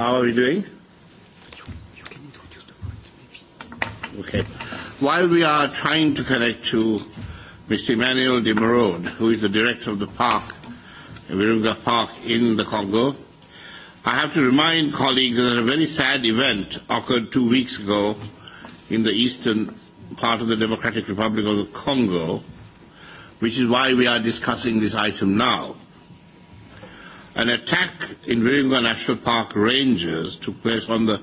How are we doing? You can introduce the point, maybe. Okay. While we are trying to connect to Mr. Emmanuel de Merode, who is the director of the park, Virunga Park in the Congo, I have to remind colleagues that a very sad event occurred two weeks ago in the eastern part of the Democratic Republic of the Congo, which is why we are discussing this item now. An attack in Virunga National Park rangers took place on the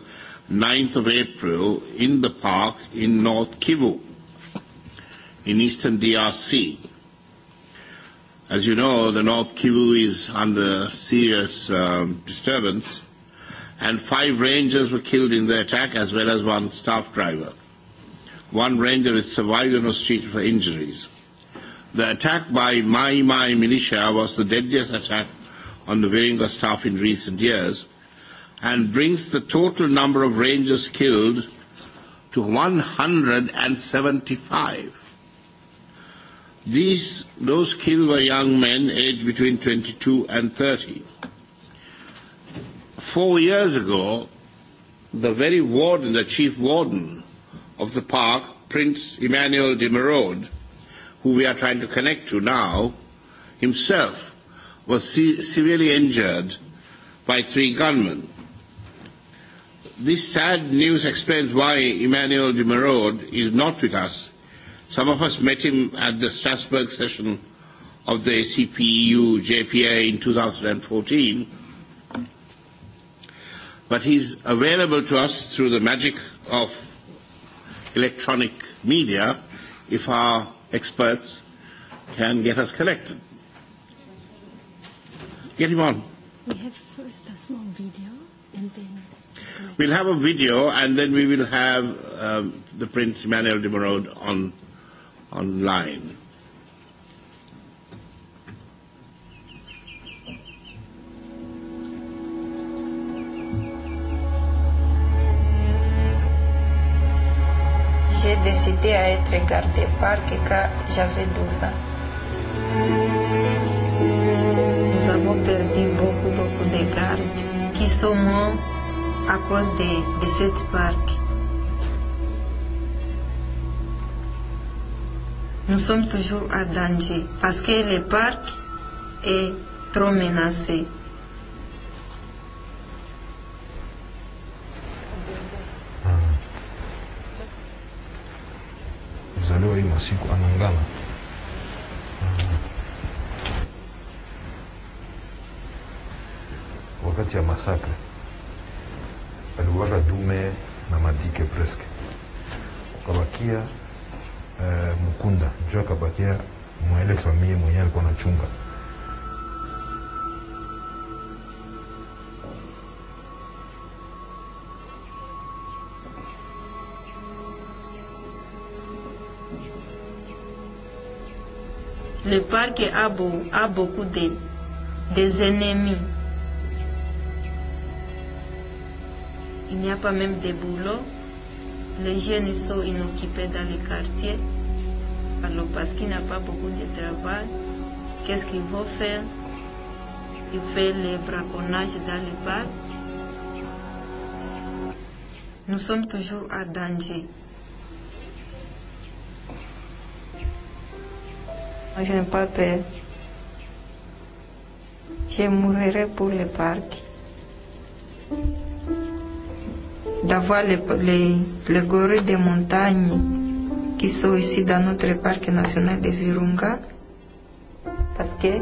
9th of April in the park in North Kivu, in eastern DRC. As you know, the North Kivu is under serious um, disturbance, and five rangers were killed in the attack, as well as one staff driver. One ranger is survived and was treated for injuries. The attack by Mai Mai militia was the deadliest attack on the Viringa staff in recent years and brings the total number of rangers killed to 175. These, those killed were young men aged between 22 and 30. Four years ago, the very warden, the chief warden of the park, Prince Emmanuel de Merode, who we are trying to connect to now, himself was se- severely injured by three gunmen. This sad news explains why Emmanuel de Merode is not with us. Some of us met him at the Strasbourg session of the ACPU JPA in 2014, but he's available to us through the magic of electronic media if our experts can get us connected. Yerimon. We have first a small video and then. We'll have a video and then we will have um, the Prince Emmanuel de Merode on online. J'ai décidé à être gardé par Kika, j'avais 12 ans. Nous avons perdu beaucoup beaucoup de gardes qui morts à cause de, de cette parc. Nous sommes toujours à danger parce que le parc est trop menacé. Vous voir hii masiku anaungana wakati ya masakre aliuaga dume na madike preske, ukabakia uh, Mkunda njo akabakia mwaile famie nachunga Le parc a, beau, a beaucoup de, des ennemis. Il n'y a pas même des boulots. Les jeunes sont inoccupés dans les quartiers. Alors parce qu'il n'y a pas beaucoup de travail, qu'est-ce qu'ils vont faire Ils font les braconnages dans les bars. Nous sommes toujours à danger. Moi, je n'ai pas peur. Je mourrai pour le parc давали les gorées de montagne qui sont ici dans notre parc national de Virunga parce que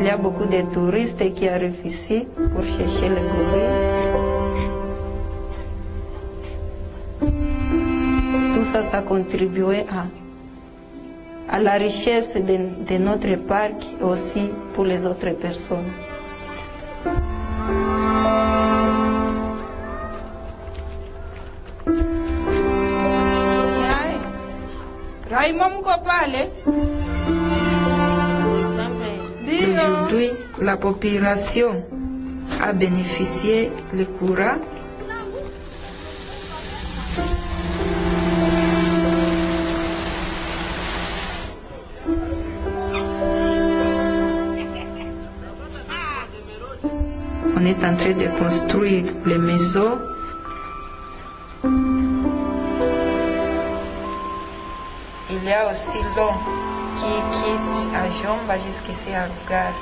il y a beaucoup de touristes qui arrivent ici pour chercher les gorilles. Tout ça, ça contribuait à, la richesse de, de notre parc et aussi pour les autres personnes. mko pale? Aujourd'hui, la population a bénéficié le courant On est en train de construire les maisons aussi osciló qui quitte à jomba de esquecer a lugar.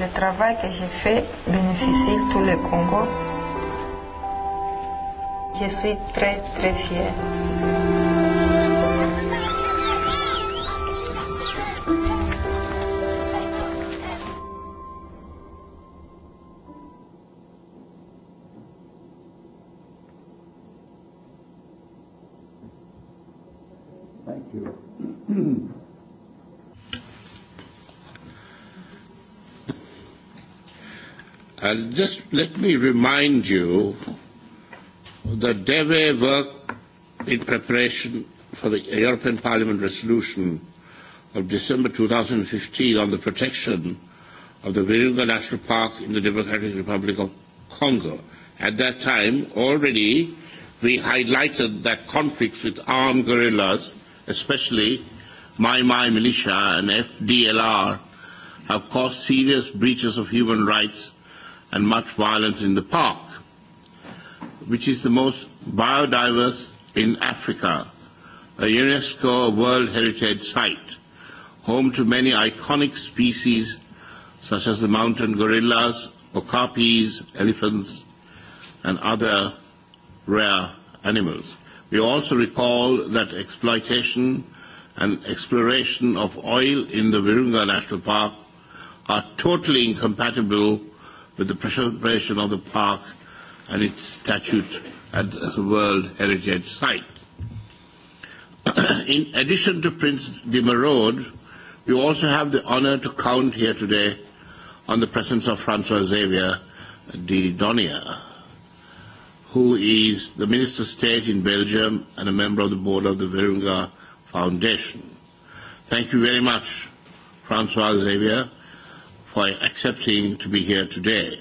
Le travail que j'ai fait bénéficie tout le Congo. Je suis très très fière. And just let me remind you that DEWE worked in preparation for the European Parliament resolution of December 2015 on the protection of the Virunga National Park in the Democratic Republic of Congo. At that time, already we highlighted that conflicts with armed guerrillas, especially Mai Mai militia and FDLR, have caused serious breaches of human rights and much violence in the park, which is the most biodiverse in Africa, a UNESCO World Heritage Site, home to many iconic species such as the mountain gorillas, okapis, elephants, and other rare animals. We also recall that exploitation and exploration of oil in the Virunga National Park are totally incompatible with the preservation of the park and its statute at the World Heritage Site. In addition to Prince de Merode, we also have the honor to count here today on the presence of Francois Xavier de Donia, who is the Minister of State in Belgium and a member of the board of the Virunga Foundation. Thank you very much, Francois Xavier for accepting to be here today.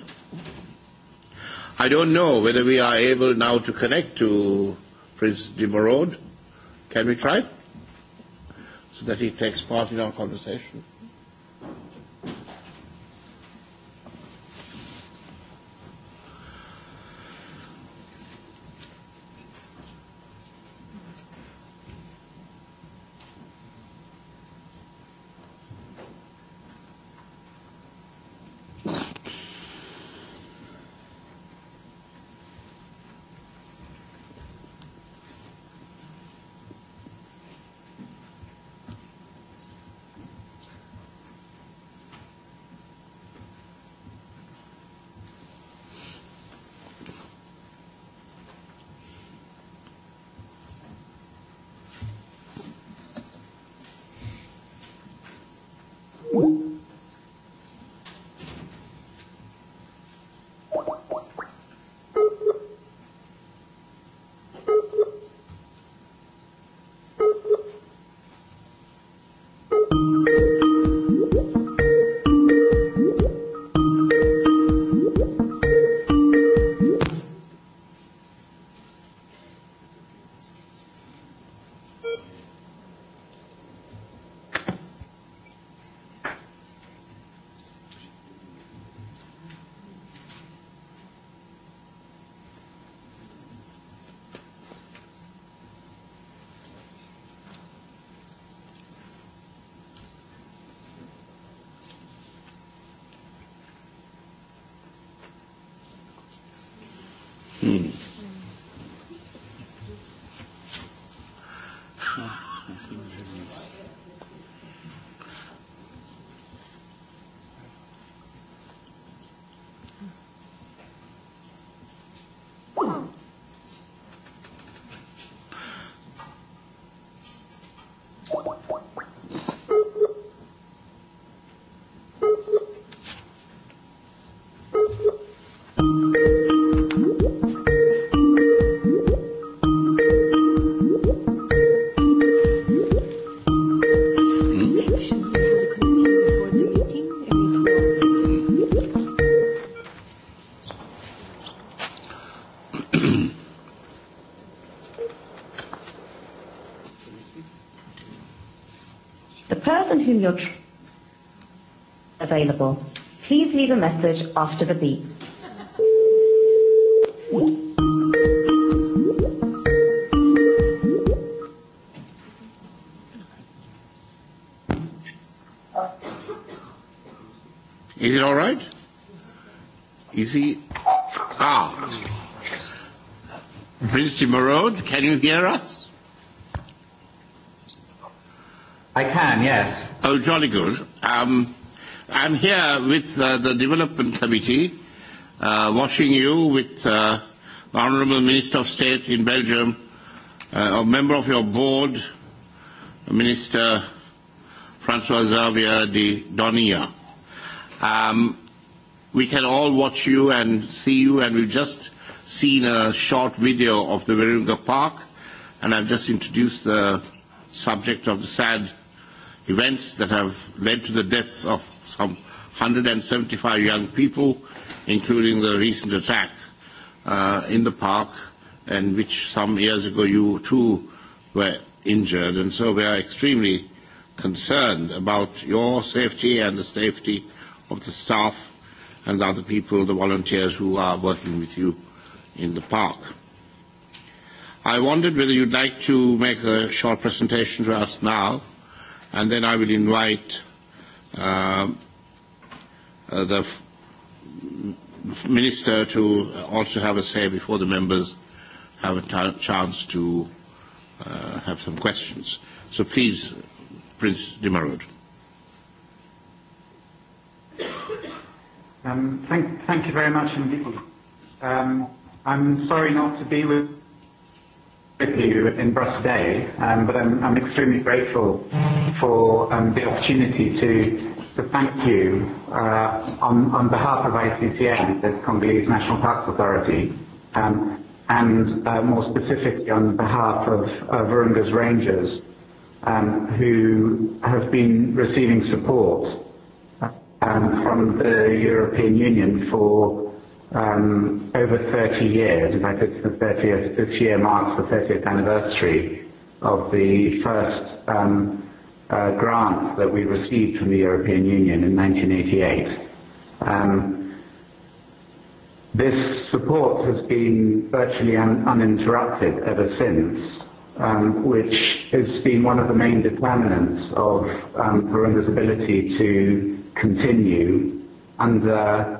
I don't know whether we are able now to connect to Prince de Morode. Can we try? So that he takes part in our conversation. Mm. message after the beep. Is it all right? Is he? Ah. Mr. Marode, can you hear us? I can, yes. Oh, jolly good. Um, I'm here with uh, the Development Committee, uh, watching you with uh, the Honourable Minister of State in Belgium, uh, a member of your board, Minister Francois Xavier de Donia. Um, we can all watch you and see you, and we've just seen a short video of the Virunga Park, and I've just introduced the subject of the sad events that have led to the deaths of some 175 young people, including the recent attack uh, in the park, and which some years ago you too were injured. And so we are extremely concerned about your safety and the safety of the staff and the other people, the volunteers who are working with you in the park. I wondered whether you'd like to make a short presentation to us now, and then I will invite uh, the minister to also have a say before the members have a chance to uh, have some questions. So please, Prince Dimarod. Um, thank, thank you very much indeed. Um, I'm sorry not to be with with you in Brussels today, um, but I'm, I'm extremely grateful for um, the opportunity to, to thank you uh, on, on behalf of ICCN, the Congolese National Parks Authority, um, and uh, more specifically on behalf of uh, Virunga's Rangers, um, who have been receiving support um, from the European Union for um, over 30 years. In fact, it's the 30th, this year marks the 30th anniversary of the first um, uh, grant that we received from the European Union in 1988. Um, this support has been virtually un- uninterrupted ever since, um, which has been one of the main determinants of um, Burundi's ability to continue under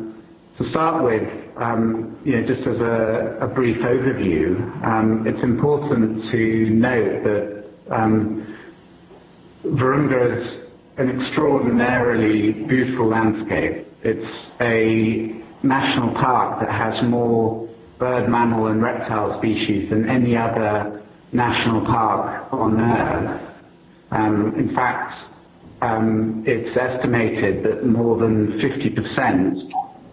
To start with, um, you know, just as a a brief overview, um, it's important to note that um Virunga is an extraordinarily beautiful landscape. It's a national park that has more bird, mammal, and reptile species than any other national park on Earth. Um, in fact, um, it's estimated that more than 50%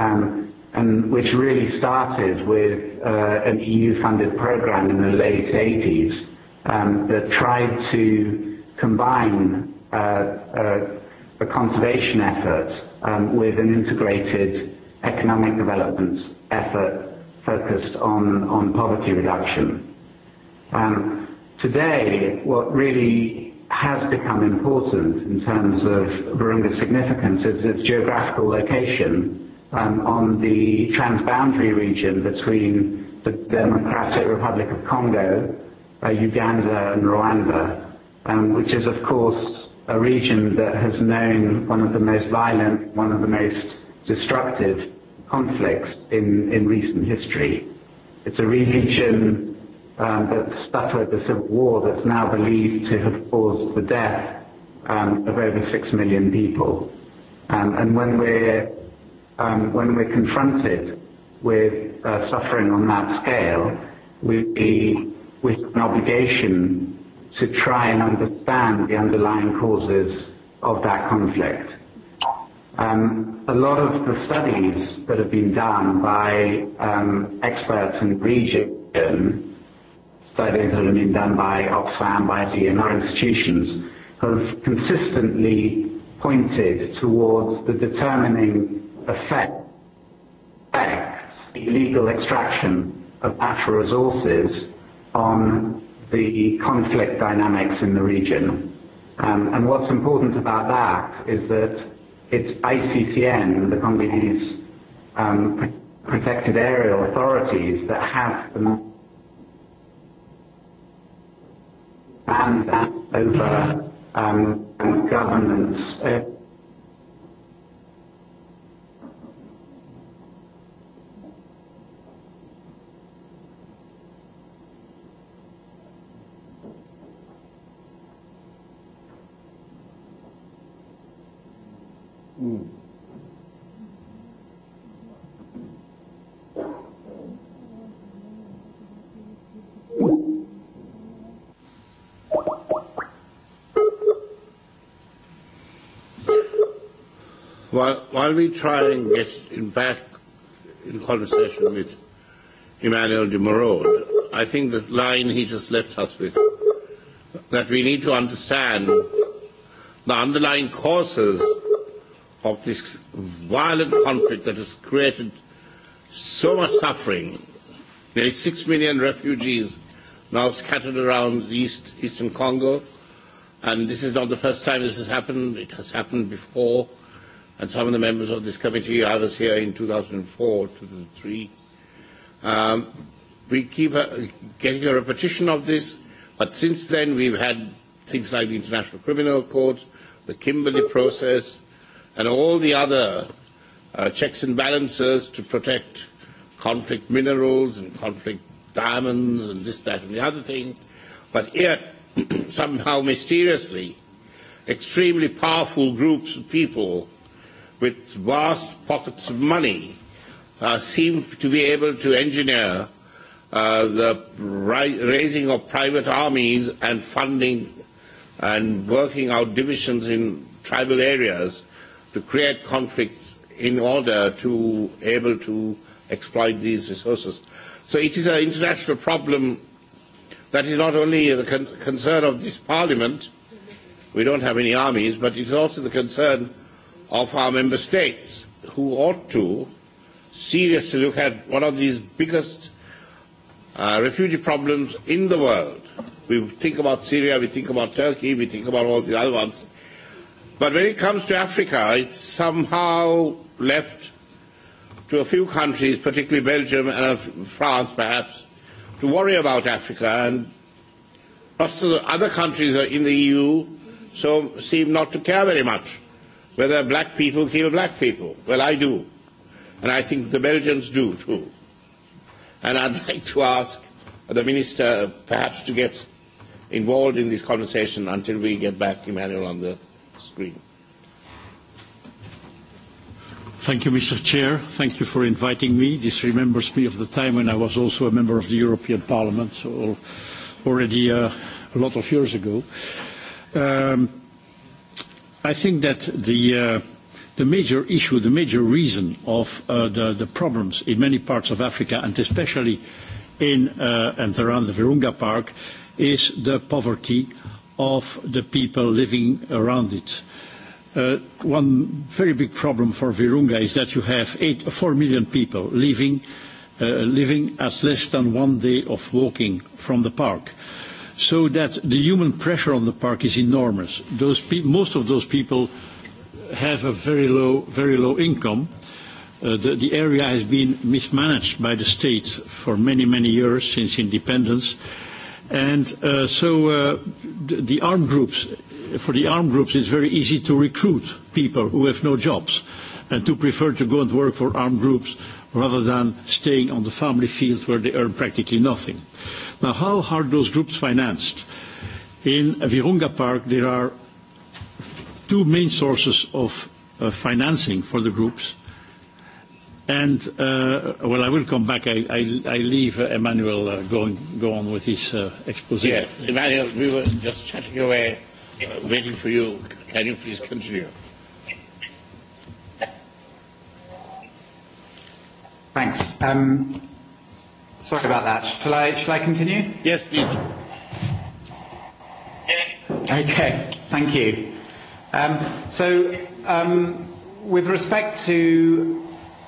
um, and which really started with uh, an EU-funded program in the late 80s um, that tried to combine uh, uh, a conservation effort um, with an integrated economic development effort focused on, on poverty reduction. Um, today, what really has become important in terms of Virunga's significance is its geographical location um on the transboundary region between the Democratic Republic of Congo, uh, Uganda and Rwanda, um, which is of course a region that has known one of the most violent, one of the most destructive conflicts in, in recent history. It's a region um, that suffered the civil war that's now believed to have caused the death um, of over six million people. Um, and when we're um, when we're confronted with uh, suffering on that scale, we, be with an obligation to try and understand the underlying causes of that conflict. Um, a lot of the studies that have been done by um, experts in the region, studies that have been done by Oxfam, by the and other institutions, have consistently pointed towards the determining affect the illegal extraction of natural resources on the conflict dynamics in the region. Um, and what's important about that is that it's ICCN, the Congolese um, protected aerial authorities, that have the mandate over um, governance. Uh, While, while we try and get in back in conversation with Emmanuel de Moreau, I think this line he just left us with, that we need to understand the underlying causes of this violent conflict that has created so much suffering. Nearly six million refugees now scattered around East, eastern Congo. And this is not the first time this has happened. It has happened before. And some of the members of this committee, I was here in 2004, 2003. Um, we keep a, getting a repetition of this. But since then, we've had things like the International Criminal Court, the Kimberley process, and all the other uh, checks and balances to protect conflict minerals and conflict diamonds and this, that, and the other thing. But yet, somehow mysteriously, extremely powerful groups of people with vast pockets of money uh, seem to be able to engineer uh, the ri- raising of private armies and funding and working out divisions in tribal areas to create conflicts in order to able to exploit these resources. So it is an international problem that is not only the con- concern of this parliament, we don't have any armies, but it's also the concern of our member states who ought to seriously look at one of these biggest uh, refugee problems in the world. We think about Syria, we think about Turkey, we think about all the other ones, But when it comes to Africa, it's somehow left to a few countries, particularly Belgium and France perhaps, to worry about Africa. And lots of other countries in the EU so seem not to care very much whether black people kill black people. Well, I do. And I think the Belgians do too. And I'd like to ask the Minister perhaps to get involved in this conversation until we get back, Emmanuel, on the screen. Thank you, Mr. Chair. Thank you for inviting me. This remembers me of the time when I was also a member of the European Parliament, so already a lot of years ago. Um, I think that the, uh, the major issue, the major reason of uh, the, the problems in many parts of Africa, and especially in uh, and around the Virunga Park, is the poverty of the people living around it. Uh, one very big problem for Virunga is that you have eight, four million people living, uh, living at less than one day of walking from the park. So that the human pressure on the park is enormous. Those pe- most of those people have a very low, very low income. Uh, the, the area has been mismanaged by the state for many, many years since independence And uh, so uh, the armed groups, for the armed groups, it's very easy to recruit people who have no jobs and to prefer to go and work for armed groups rather than staying on the family field where they earn practically nothing. Now, how are those groups financed? In Virunga Park, there are two main sources of uh, financing for the groups. And uh, well, I will come back. I, I, I leave uh, Emmanuel uh, going go on with his uh, Yes, Emmanuel, we were just chatting away, uh, waiting for you. Can you please continue? Thanks. sorry about that. Shall I, shall I continue? Yes, please. Okay, thank you. so, with respect to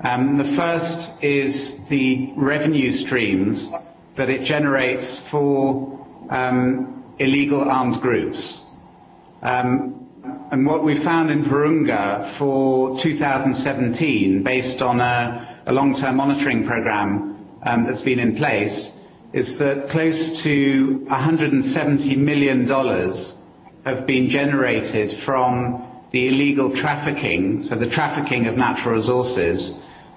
Um, the first is the revenue streams that it generates for um, illegal armed groups. Um, and what we found in Virunga for 2017, based on a, a long-term monitoring program um, that's been in place, is that close to $170 million have been generated from the illegal trafficking, so the trafficking of natural resources,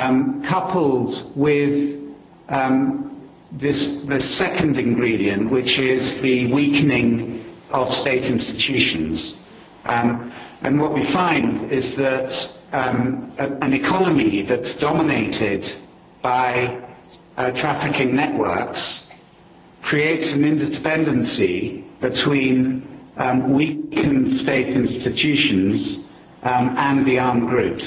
um, coupled with um, this the second ingredient, which is the weakening of state institutions. Um, and what we find is that um, a, an economy that's dominated by uh, trafficking networks creates an interdependency between um, weakened state institutions um, and the armed groups.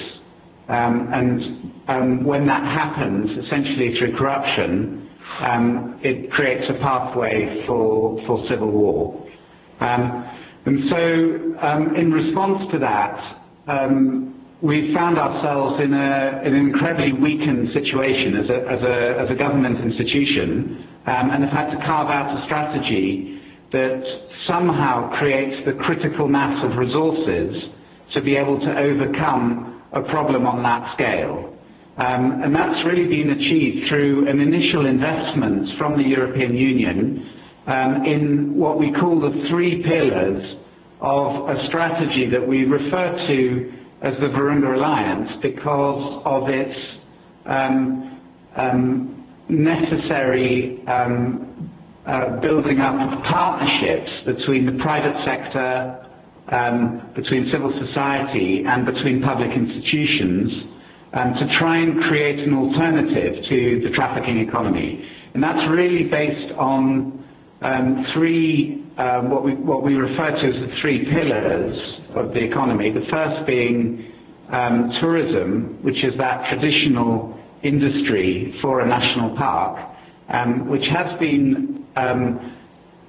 Um, and um, when that happens, essentially through corruption, um, it creates a pathway for, for civil war. Um, and so, um, in response to that, um, we found ourselves in, a, in an incredibly weakened situation as a, as a, as a government institution um, and have had to carve out a strategy that somehow creates the critical mass of resources to be able to overcome a problem on that scale and That's really been achieved through an initial investment from the European Union um in what we call the three pillars of a strategy that we refer to as the Virunga Alliance because of its um um necessary um uh building up of partnerships between the private sector, um between civil society, and between public institutions um, to try and create an alternative to the trafficking economy. And that's really based on um, three, um, what, we, what we refer to as the three pillars of the economy. The first being um, tourism, which is that traditional industry for a national park, um, which has been um,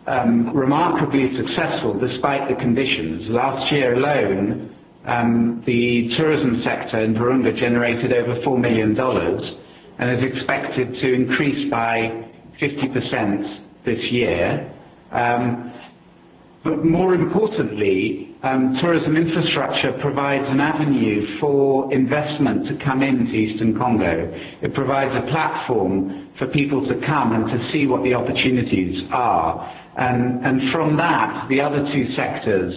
um, remarkably successful despite the conditions. Last year alone, Um, the tourism sector in Virunga generated over $4 million and is expected to increase by 50% this year. Um, but more importantly, um, tourism infrastructure provides an avenue for investment to come into Eastern Congo. It provides a platform for people to come and to see what the opportunities are. And, and from that, the other two sectors,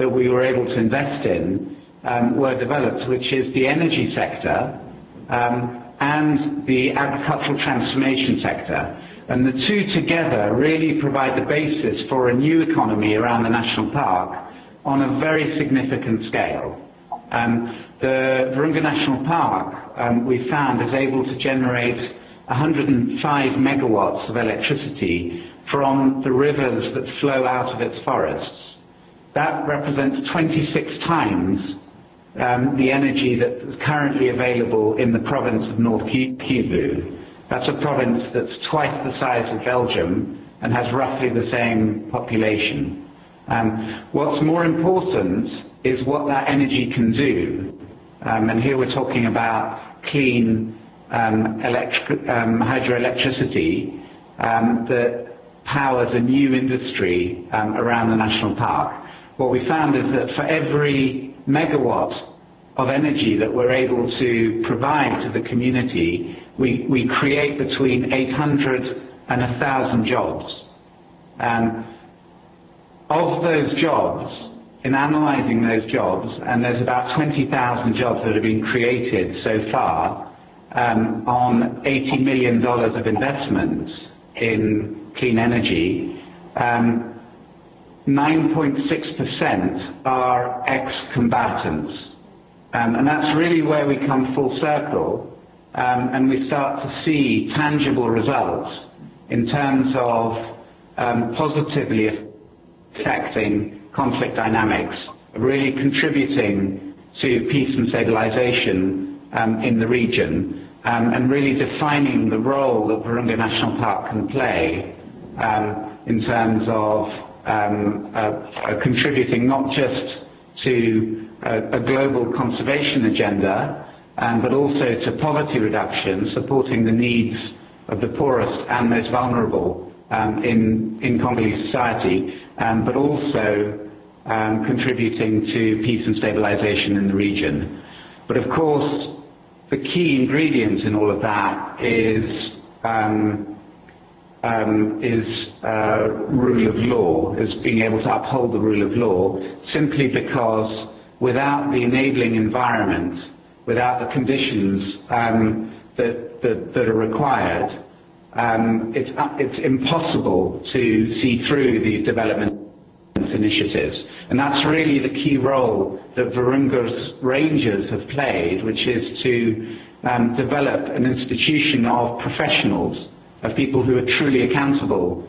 that we were able to invest in um, were developed, which is the energy sector um, and the agricultural transformation sector. And the two together really provide the basis for a new economy around the national park on a very significant scale. Um, the Virunga National Park, um, we found, is able to generate 105 megawatts of electricity from the rivers that flow out of its forests. That represents 26 times um, the energy that is currently available in the province of North Kivu. That's a province that's twice the size of Belgium and has roughly the same population. Um, what's more important is what that energy can do. Um, and here we're talking about clean um, electric, um, hydroelectricity um, that powers a new industry um, around the national park what we found is that for every megawatt of energy that we're able to provide to the community, we, we create between 800 and 1,000 jobs. And of those jobs, in analysing those jobs, and there's about 20,000 jobs that have been created so far um, on $80 million of investments in clean energy, um, 9.6% are ex-combatants. And that's really where we come full circle, um, and we start to see tangible results in terms of um, positively affecting conflict dynamics, really contributing to peace and stabilization um, in the region, um, and really defining the role that Virunga National Park can play um, in terms of are contributing not just to a global conservation agenda, but also to poverty reduction, supporting the needs of the poorest and most vulnerable in Congolese society, but also contributing to peace and stabilization in the region. But of course, the key ingredient in all of that is um, um, is uh, rule of law, as being able to uphold the rule of law, simply because without the enabling environment, without the conditions um, that, that, that are required, um, it's, uh, it's impossible to see through these development initiatives. And that's really the key role that Virunga's Rangers have played, which is to um, develop an institution of professionals, of people who are truly accountable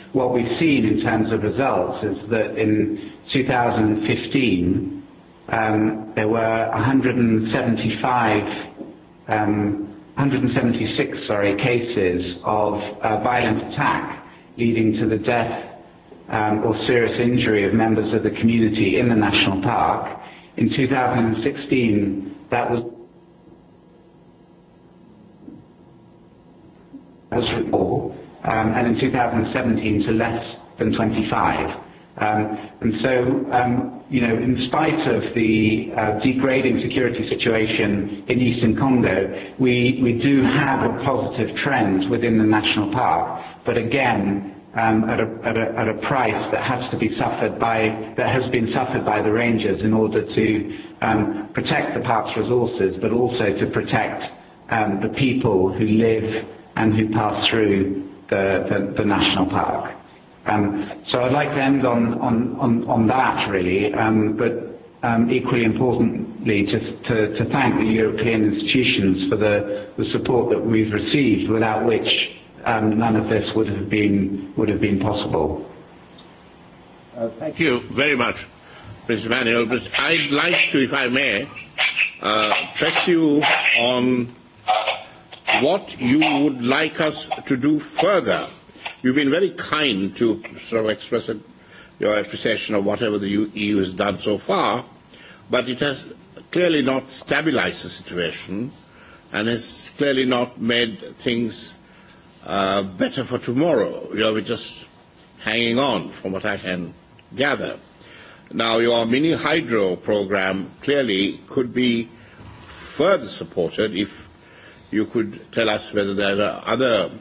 what we've seen in terms of results is that in 2015, um, there were 175, um, 176, sorry, cases of uh, violent attack leading to the death um, or serious injury of members of the community in the national park. In 2016, that was as recall um, and in 2017 to less than 25. Um, and so, um, you know, in spite of the uh, degrading security situation in eastern Congo, we, we do have a positive trend within the national park, but again, um, at, a, at, a, at a price that has to be suffered by, that has been suffered by the rangers in order to um, protect the park's resources, but also to protect um, the people who live and who pass through the, the, the national park. Um, so I'd like to end on, on, on, on that really, um, but um, equally importantly to, to, to thank the European institutions for the, the support that we've received without which um, none of this would have been, would have been possible. Uh, thank you very much, Mr. Manuel. But I'd like to, if I may, uh, press you on what you would like us to do further. You've been very kind to sort of express a, your appreciation of whatever the EU has done so far, but it has clearly not stabilized the situation and has clearly not made things uh, better for tomorrow. You know, we're just hanging on from what I can gather. Now, your mini hydro program clearly could be further supported if you could tell us whether there are other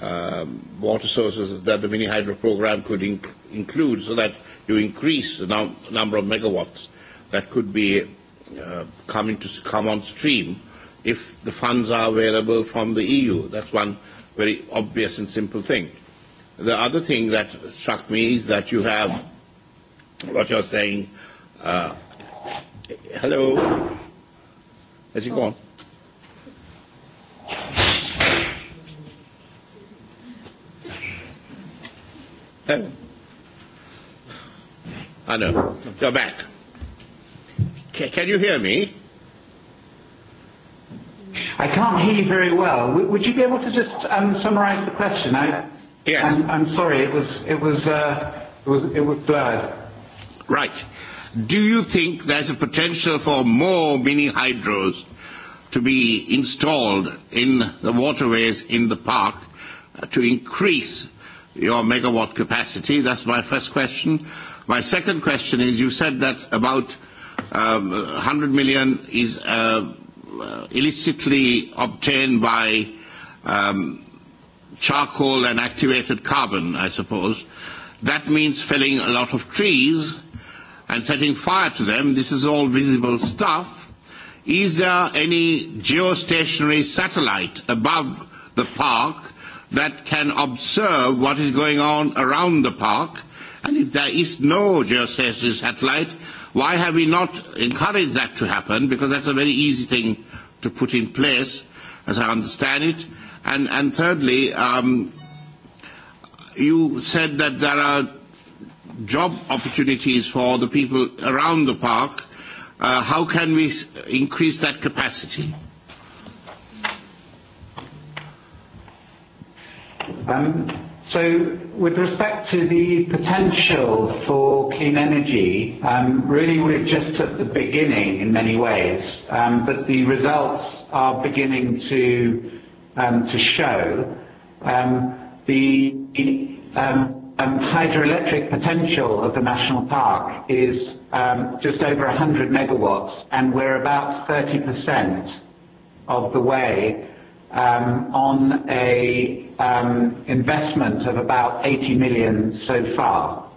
um, water sources that the mini hydro program could inc include so that you increase the num- number of megawatts that could be uh, coming to come on stream if the funds are available from the EU. That's one very obvious and simple thing. The other thing that struck me is that you have what you're saying. Uh, hello? Has he gone? Oh. I know. You're back. C- can you hear me? I can't hear you very well. W- would you be able to just um, summarise the question? I, yes. I'm, I'm sorry. It was it was, uh, it was it was blurred. Right. Do you think there's a potential for more mini hydros to be installed in the waterways in the park to increase your megawatt capacity? That's my first question. My second question is, you said that about um, 100 million is uh, illicitly obtained by um, charcoal and activated carbon, I suppose. That means felling a lot of trees and setting fire to them. This is all visible stuff. Is there any geostationary satellite above the park that can observe what is going on around the park. And if there is no geostationary satellite, why have we not encouraged that to happen? Because that's a very easy thing to put in place, as I understand it. And, and thirdly, um, you said that there are job opportunities for the people around the park. Uh, how can we increase that capacity? Um, so with respect to the potential for clean energy, um, really we're just at the beginning in many ways, um, but the results are beginning to um, to show. Um, the um, um, hydroelectric potential of the national park is um, just over 100 megawatts, and we're about 30% of the way um, on a investment of about 80 million so far.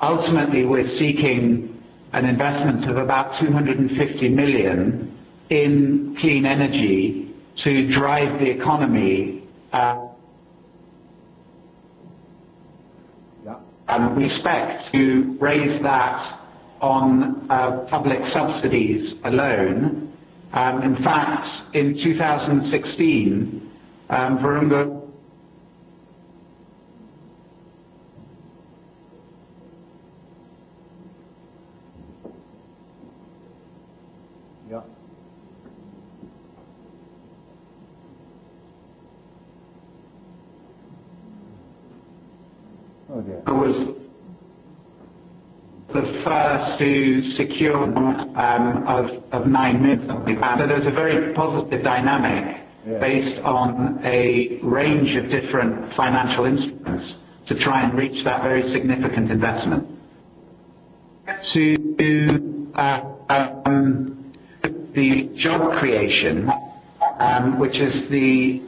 Ultimately, we're seeking an investment of about 250 million in clean energy to drive the economy. Yeah. We expect to raise that on public subsidies alone. In fact, in 2016, Virunga Oh dear. was the first to secure um, of, of nine minutes So there's a very positive dynamic yeah. based on a range of different financial instruments to try and reach that very significant investment. To uh, um, the job creation, um, which is the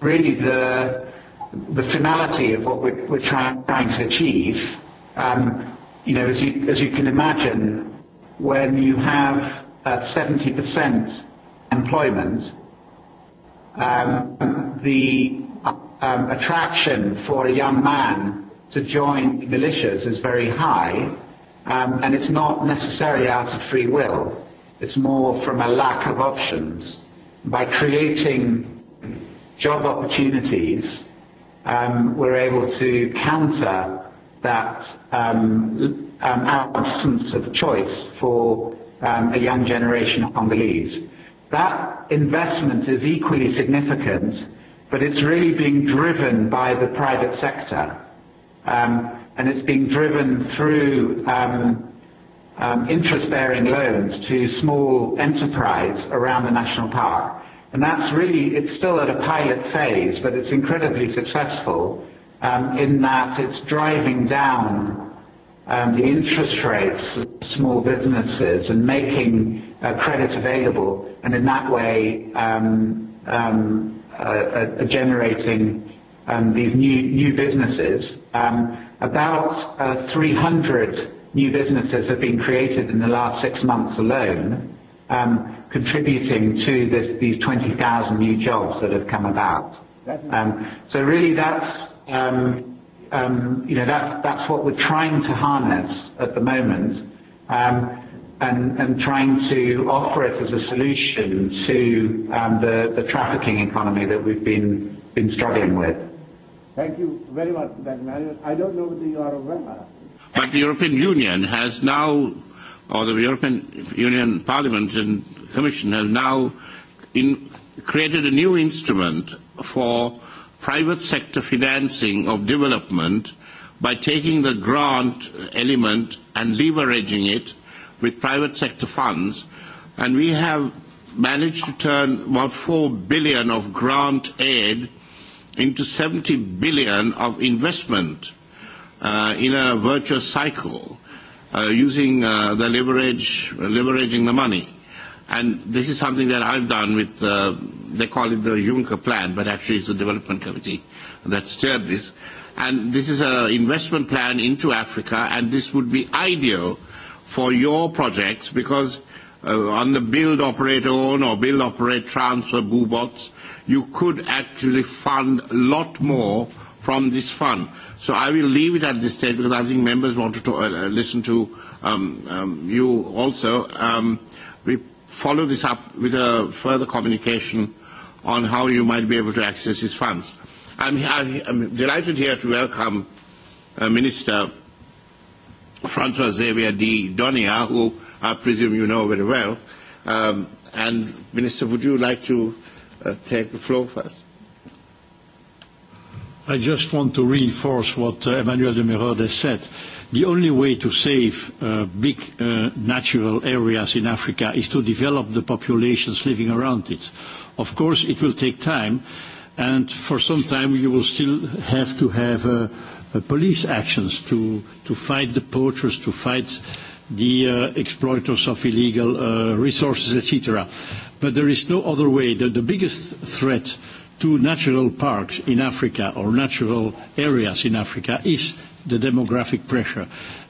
really the the finality of what we're we're trying to achieve, um, you know, as you as you can imagine, when you have 70% employment, um the um attraction for a young man to join militias is very high, um and it's not necessarily out of free will. It's more from a lack of options. By creating job opportunities we're able to counter that absence of choice for a young generation of Congolese. That investment is equally significant, but it's really being driven by the private sector. And it's being driven through interest-bearing loans to small enterprise around the national park. And That's really, it's still at a pilot phase, but it's incredibly successful in that it's driving down um the interest rates of small businesses and making uh credit available, and in that way, um um uh uh generating um these new new businesses. Um About uh 300 new businesses have been created in the last six months alone um, contributing to this, these 20,000 new jobs that have come about. Um, so really that's, um, um, you know, that's, that's what we're trying to harness at the moment um, and, and trying to offer it as a solution to um, the, the trafficking economy that we've been, been struggling with. Thank you very much for I don't know whether you are aware. But the European Union has now or the European Union Parliament and Commission have now in, created a new instrument for private sector financing of development by taking the grant element and leveraging it with private sector funds. And we have managed to turn about 4 billion of grant aid into 70 billion of investment uh, in a virtuous cycle uh, using uh, the leverage, leveraging the money. And this is something that I've done with, uh, they call it the Juncker plan, but actually it's the development committee that steered this. And this is an investment plan into Africa, and this would be ideal for your projects because uh, on the build, operate, own or build, operate, transfer, boo bots, you could actually fund a lot more from this fund. So I will leave it at this stage because I think members want to uh, listen to um, um, you also. Um, we follow this up with a further communication on how you might be able to access these funds. I'm, I'm, I'm delighted here to welcome uh, Minister Francois Xavier de Donia, who I presume you know very well. Um, and Minister, would you like to uh, take the floor first? I just want to reinforce what Emmanuel de Merode has said. The only way to save big natural areas in Africa is to develop the populations living around it. Of course, it will take time, and for some time you will still have to have police actions to, to fight the poachers, to fight the uh, exploiters of illegal uh, resources, etc. But there is no other way. The, the biggest threat to natural parks in Africa or natural areas in Africa is the demographic pressure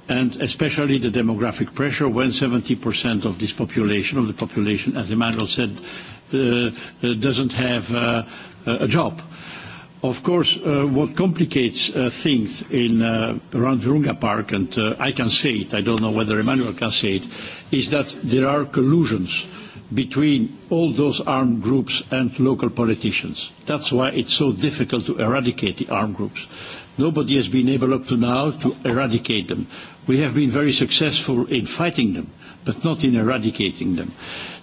and especially the demographic pressure when 70% of this population, of the population, as Emmanuel said, uh, doesn't have uh, a job. Of course, uh, what complicates uh, things in uh, around Virunga Park, and uh, I can say it, I don't know whether Emmanuel can say it, is that there are collusions uh, between all those armed groups and local politicians. That's why it's so difficult to eradicate the armed groups. Nobody has been able up to now to eradicate them. We have been very successful in fighting them, but not in eradicating them.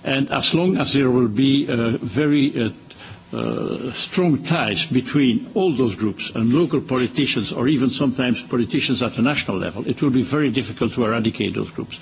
And as long as there will be uh, very uh, uh, strong ties between all those groups and local politicians, or even sometimes politicians at the national level, it will be very difficult to eradicate those groups.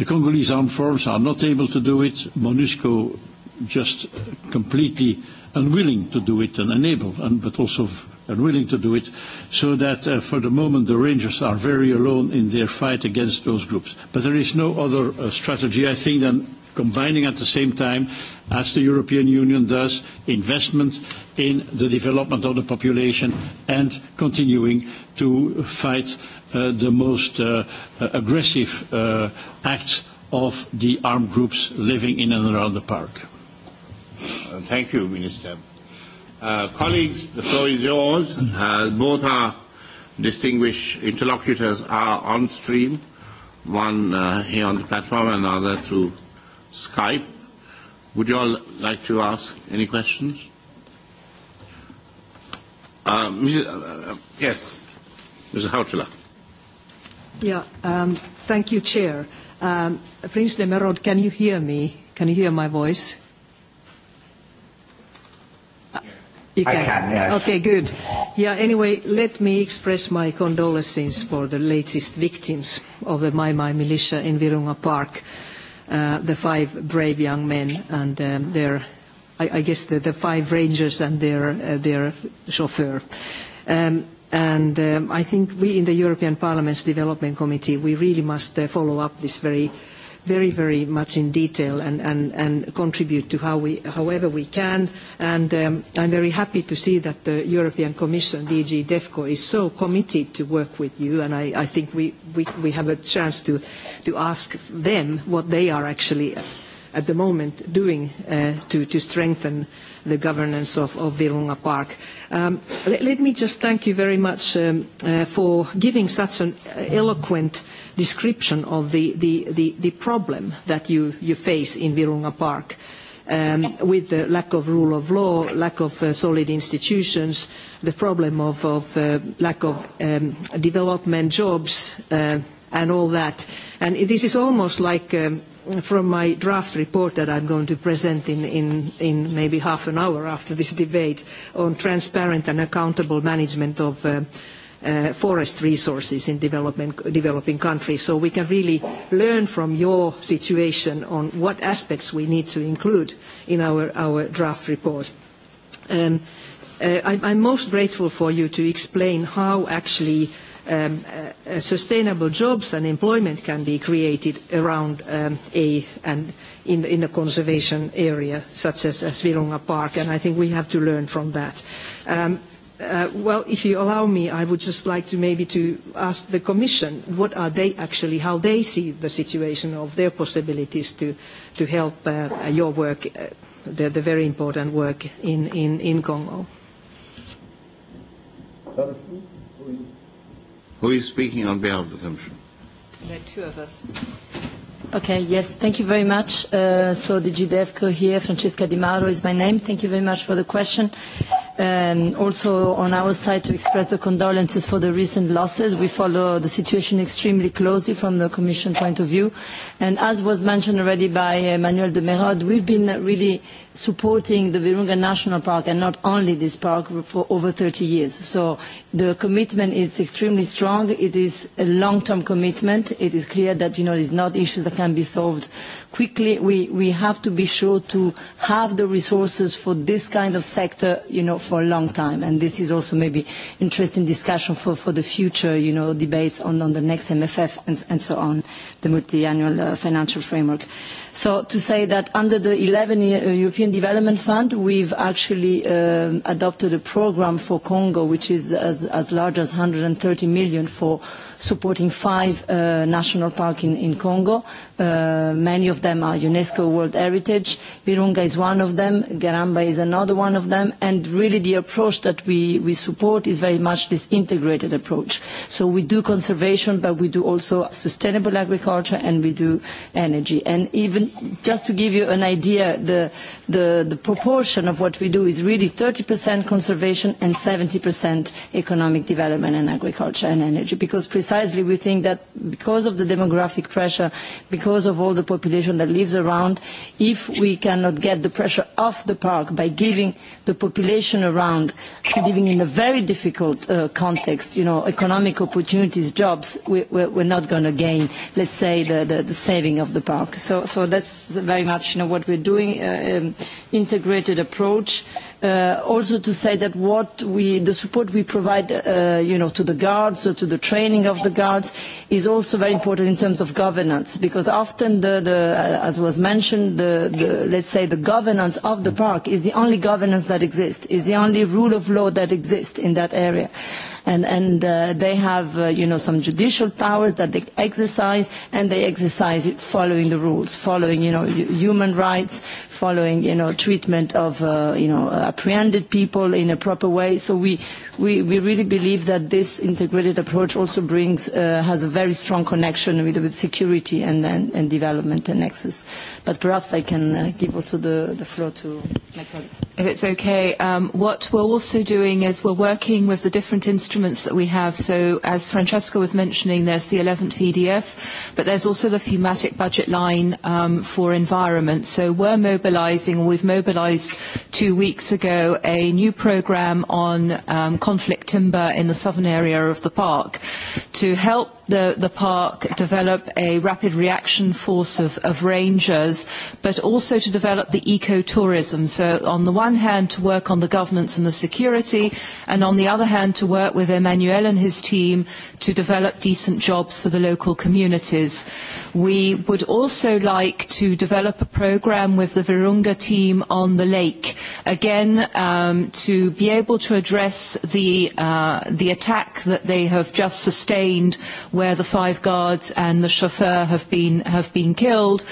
The Congolese armed forces are not able to do it. MONUSCO just completely unwilling to do it and unable, and, but also unwilling to do it, so that uh, for the moment the Rangers are very alone in their fight against those groups. But there is no other uh, strategy, I think, than combining at the same time, as the European Union does, investment in the development of the population and continuing to fight the most uh, aggressive uh, acts of the armed groups living in and around the park. Thank you, Minister. Uh, colleagues, the floor is yours. Uh, both our distinguished interlocutors are on stream, one uh, here on the platform and another through Skype. Would you all like to ask any questions? Uh, Mrs. Uh, yes, Mr. Hautala. Yeah, um, thank you, Chair. Um, Prince Demerod, can you hear me? Can you hear my voice? You can. I can, yes. Okay, good. Yeah, anyway, let me express my condolences for the latest victims of the Mai Mai militia in Virunga Park, uh, the five brave young men and um, their, I, I guess, the, the five rangers and their, uh, their chauffeur. Um, And I think we in the European Parliament's Development Committee, we really must follow up this very, very, much in detail and, and, and contribute to how we, however we can. And um, I'm very happy to see that the European Commission, DG DEFCO, is so committed to work with you. And I, I think we, we, we have a chance to, to ask them what they are actually at the moment doing to strengthen the governance of Virunga Park. Let me just thank you very much for giving such an eloquent description of the problem that you face in Virunga Park with the lack of rule of law, lack of solid institutions, the problem of lack of development jobs, and all that. This is almost like from my draft report that I'm going to present in, in, in maybe half an hour after this debate on transparent and accountable management of uh, uh, forest resources in developing countries. So we can really learn from your situation on what aspects we need to include in our, our draft report. Um, uh, I, I'm most grateful for you to explain how actually uh, sustainable jobs and employment can be created around a and in, the a conservation area such as, as Virunga Park, and I think we have to learn from that. well, if you allow me, I would just like to maybe to ask the Commission what are they actually, how they see the situation of their possibilities to, to help your work, the, the very important work in, in, in Congo. Who is speaking on behalf of the Commission? There are two of us. Okay, yes, thank you very much. Uh, so the GDEFCO here, Francesca Di Mauro is my name. Thank you very much for the question. Um, also on our side to express the condolences for the recent losses. We follow the situation extremely closely from the Commission point of view. And as was mentioned already by Emmanuel Manuel de Merod, we've been really supporting the Virunga National Park and not only this park for over 30 years. So the commitment is extremely strong. It is a long-term commitment. It is clear that, you know, it's not issues that can be solved quickly. We, we have to be sure to have the resources for this kind of sector, you know, for a long time. And this is also maybe interesting discussion for, for the future, you know, debates on, on the next MFF and, and so on, the multi-annual uh, financial framework. Uh, So to say that under the 11 European Development Fund, we've actually um, adopted a program for Congo, which is as, as large as 130 million for supporting five uh, national parks in, in Congo, many of them are UNESCO World Heritage. Virunga is one of them, Garamba is another one of them, and really the approach that we, we support is very much this integrated approach. So we do conservation, but we do also sustainable agriculture and we do energy. And even just to give you an idea, the, the, the proportion of what we do is really 30% conservation and 70% economic development and agriculture and energy, because precisely we think that because of the demographic pressure, because because of all the population that lives around, if we cannot get the pressure off the park by giving the population around living in a very difficult uh, context, you know, economic opportunities, jobs, we, we're not going to gain, let's say, the, the, the saving of the park. So, so that's very much you know, what we're doing, uh, um, integrated approach. Uh, also to say that what we, the support we provide uh, you know, to the guards or to the training of the guards is also very important in terms of governance because often, the, the, as was mentioned, the, the, let's say the governance of the park is the only governance that exists, is the only rule of law that exists in that area and, and uh, they have uh, you know, some judicial powers that they exercise, and they exercise it following the rules, following you know, human rights, following you know, treatment of uh, you know, apprehended people in a proper way. So we, we, we really believe that this integrated approach also brings, uh, has a very strong connection with, with security and, and, and development and access. But perhaps I can uh, give also the, the floor to my colleague. If it's okay, um, what we're also doing is we're working with the different instruments instruments that we have. So as Francesca was mentioning, there's the 11th EDF, but there's also the thematic budget line um, for environment. So we're mobilising, we've mobilised two weeks ago, a new programme on um, conflict timber in the southern area of the park to help the, the park, develop a rapid reaction force of, of rangers, but also to develop the ecotourism. So on the one hand, to work on the governance and the security, and on the other hand, to work with Emmanuel and his team to develop decent jobs for the local communities. We would also like to develop a programme with the Virunga team on the lake, again, um, to be able to address the, uh, the attack that they have just sustained where the five guards and the chauffeur have been, have been killed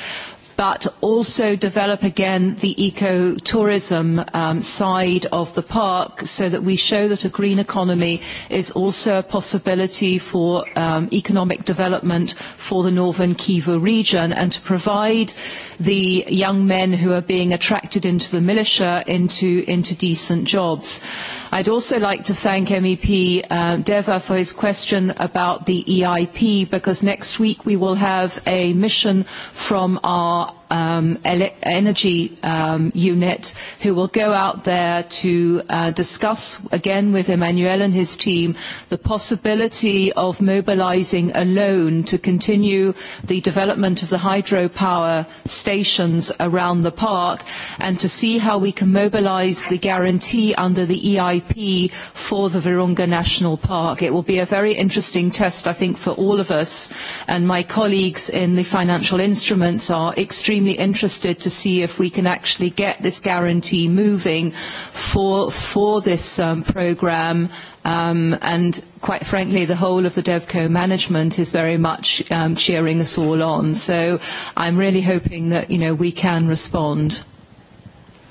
but also develop again the ecotourism um, side of the park so that we show that a green economy is also a possibility for um, economic development for the northern Kivu region and to provide the young men who are being attracted into the militia into, into decent jobs. I'd also like to thank MEP uh, Deva for his question about the EIP because next week we will have a mission from our um, ele- energy um, unit who will go out there to uh, discuss again with Emmanuel and his team the possibility of mobilizing a loan to continue the development of the hydropower stations around the park and to see how we can mobilize the guarantee under the EIP for the Virunga National Park. It will be a very interesting test, I think, for all of us and my colleagues in the financial instruments are extremely extremely interested to see if we can actually get this guarantee moving for, for this um, programme um, and quite frankly, the whole of the DevCo management is very much um, cheering us all on. So I'm really hoping that you know we can respond.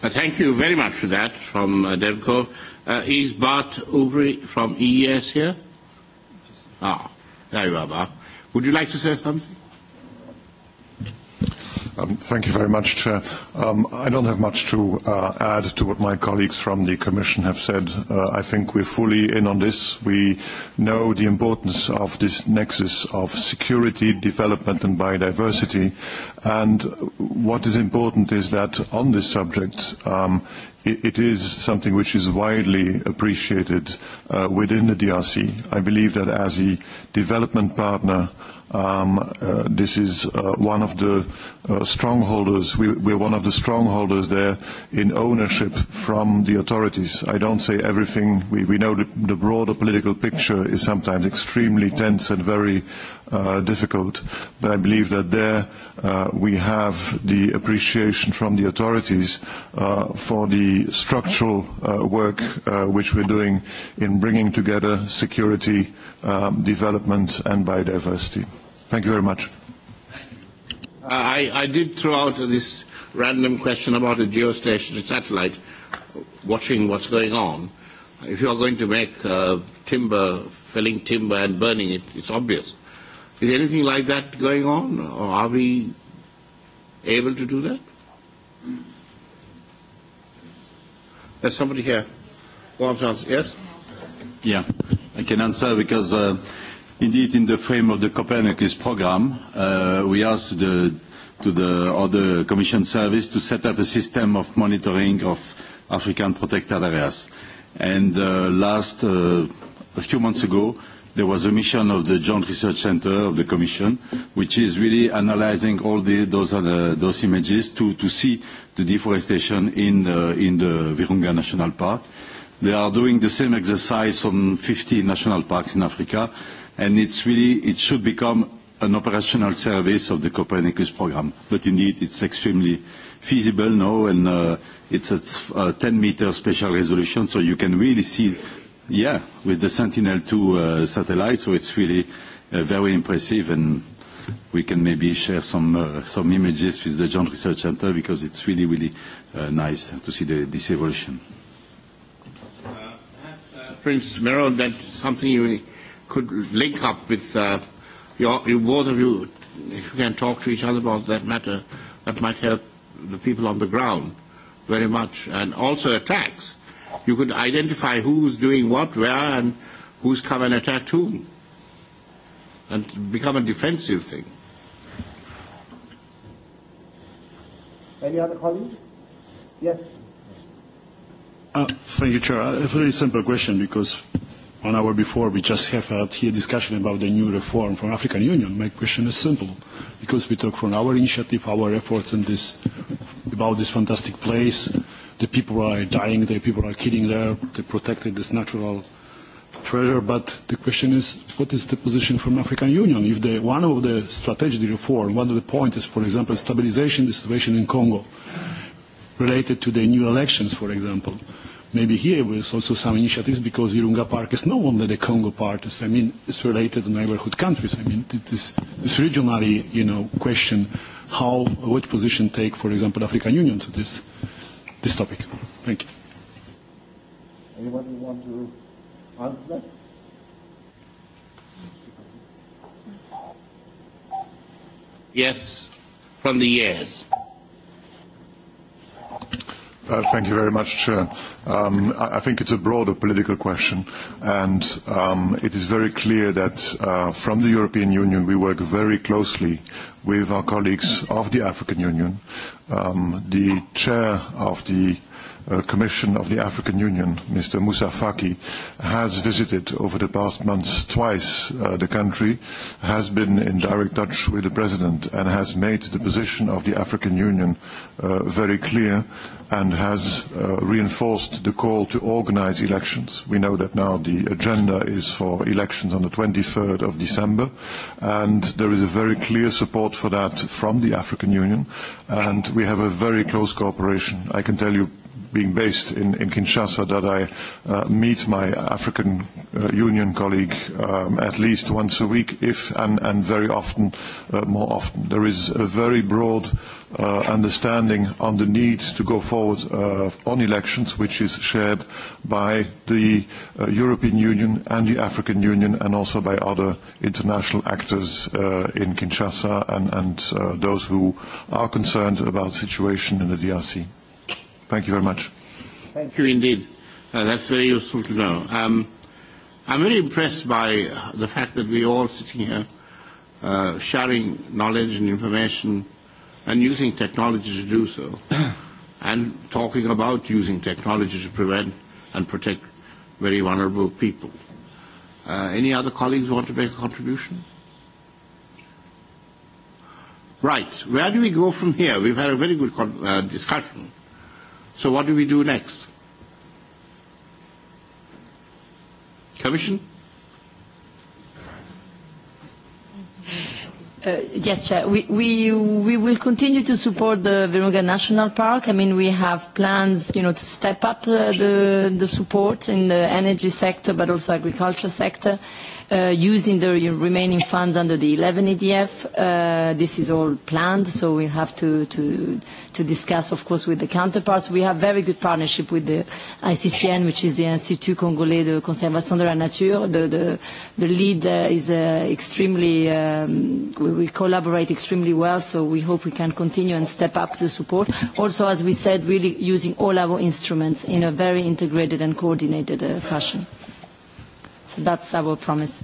Uh, thank you very much for that from uh, DevCo. Uh, is Bart Ubri from EES here? Ah, there you are, Bart. Would you like to say something? Thank you very much, Chair. I don't have much to add to what my colleagues from the Commission have said. I think we're fully in on this. We know the importance of this nexus of security, development, and biodiversity. And what is important is that on this subject, it is something which is widely appreciated uh, within the DRC. I believe that as a development partner, um, uh, this is uh, one of the uh, strongholders. We, we're one of the strongholders there in ownership from the authorities. I don't say everything. We, we know the, the broader political picture is sometimes extremely tense and very uh, difficult. But I believe that there uh, we have the appreciation from the authorities uh, for the structural uh, work uh, which we're doing in bringing together security, um, development and biodiversity. Thank you very much. I, I did throw out this random question about a geostationary satellite watching what's going on. If you are going to make uh, timber, felling timber and burning it, it's obvious Is anything like that going on, or are we able to do that? There's somebody here. Go on, Yes? Yeah, I can answer because uh, indeed in the frame of the Copernicus program, uh, we asked the, to the other Commission service to set up a system of monitoring of African protected areas. And uh, last, uh, a few months ago, there was a mission of the Joint Research Center of the Commission, which is really analyzing all the, those, uh, those images to, to see the deforestation in, uh, in the Virunga National Park. They are doing the same exercise on 50 national parks in Africa, and it's really, it should become an operational service of the Copernicus program. But indeed, it's extremely feasible now, and uh, it's at 10 meter spatial resolution, so you can really see Yeah, with the Sentinel-2 satellite, so it's really very impressive, and we can maybe share some some images with the Joint Research Centre because it's really, really nice to see the this evolution. Prince Miro, that's something you could link up with your both of you, if you can talk to each other about that matter, that might help the people on the ground very much. And also attacks You could identify who's doing what, where, and who's come and attacked whom, and become a defensive thing. Any other colleagues? Yes. Uh, thank you, Chair. A very simple question because one hour before we just have had here discussion about the new reform from African Union. My question is simple because we talk from our initiative, our efforts in this, about this fantastic place the people are dying, the people are killing there, they protected this natural treasure. But the question is, what is the position from African Union? If the, one of the strategic reform, one of the points is, for example, stabilization the situation in Congo, related to the new elections, for example. Maybe here with also some initiatives because Virunga Park is not only the Congo part. It's, I mean, it's related to neighborhood countries. I mean, this, this regionally, you know, question how, what position take, for example, African Union to this. Uh, this topic. Thank you. Anyone want to answer that? Yes, from the years. Thank you very much, Chair. I think it's a broader political question, and it is very clear that from the European Union, we work very closely with our colleagues of the African Union. The chair of the uh, Commission of the African Union, Mr. Moussa Faki, has visited over the past months twice uh, the country, has been in direct touch with the President, and has made the position of the African Union uh, very clear and has uh, reinforced the call to organize elections. We know that now the agenda is for elections on the 23rd of December, and there is a very clear support for that from the African Union, and we have a very close cooperation. I can tell you being based in, in Kinshasa that I uh, meet my African uh, Union colleague um, at least once a week, if and, and very often, uh, more often. There is a very broad uh, understanding on the need to go forward uh, on elections, which is shared by the uh, European Union and the African Union and also by other international actors uh, in Kinshasa and, and uh, those who are concerned about the situation in the DRC. Thank you very much. Thank you indeed. Uh, that's very useful to know. Um, I'm very impressed by the fact that we're all sitting here uh, sharing knowledge and information and using technology to do so and talking about using technology to prevent and protect very vulnerable people. Uh, any other colleagues want to make a contribution? Right. Where do we go from here? We've had a very good con- uh, discussion. So what do we do next? Commission? Yes, Chair. We we we will continue to support the Virunga National Park. I mean, we have plans, you know, to step up the support in the energy sector, but also agriculture sector using the remaining funds under the 11 EDF. This is all planned, so we have to discuss, of course, with the counterparts. We have very good partnership with the ICCN, which is the Institut Congolais de Conservation de la Nature. The lead is extremely. We collaborate extremely well, so we hope we can continue and step up the support. Also, as we said, really using all our instruments in a very integrated and coordinated fashion that's our promise.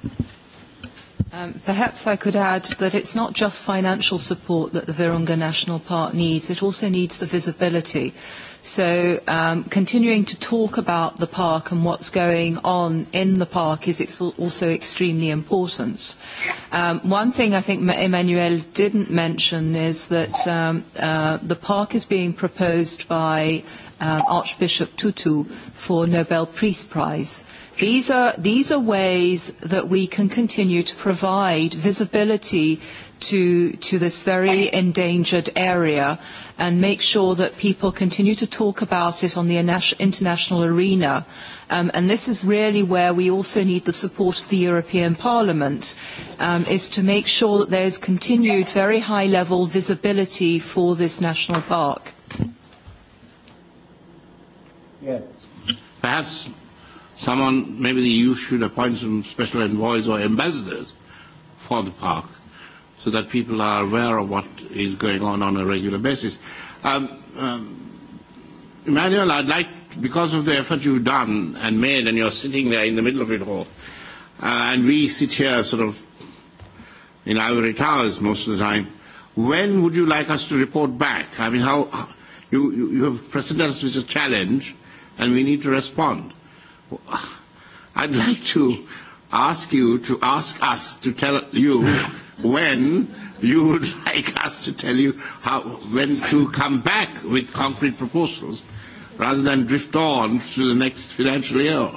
Perhaps I could add that it's not just financial support that the Virunga National Park needs, it also needs the visibility. So um, continuing to talk about the park and what's going on in the park is ex- also extremely important. Um, one thing I think Emmanuel didn't mention is that um, uh, the park is being proposed by um, Archbishop Tutu for Nobel Peace Prize. These are, these are ways that we can continue to provide visibility to, to this very endangered area and make sure that people continue to talk about it on the international arena. Um, and this is really where we also need the support of the European Parliament, um, is to make sure that there's continued very high level visibility for this national park. perhaps someone, maybe the EU should appoint some special envoys or ambassadors for the park so that people are aware of what is going on on a regular basis. Um, um, Emmanuel, I'd like, because of the effort you've done and made, and you're sitting there in the middle of it all, uh, and we sit here sort of in ivory towers most of the time, when would you like us to report back? I mean, how you, you have presented us with a challenge and we need to respond. I'd like to ask you to ask us to tell you when you would like us to tell you how, when to come back with concrete proposals rather than drift on to the next financial year.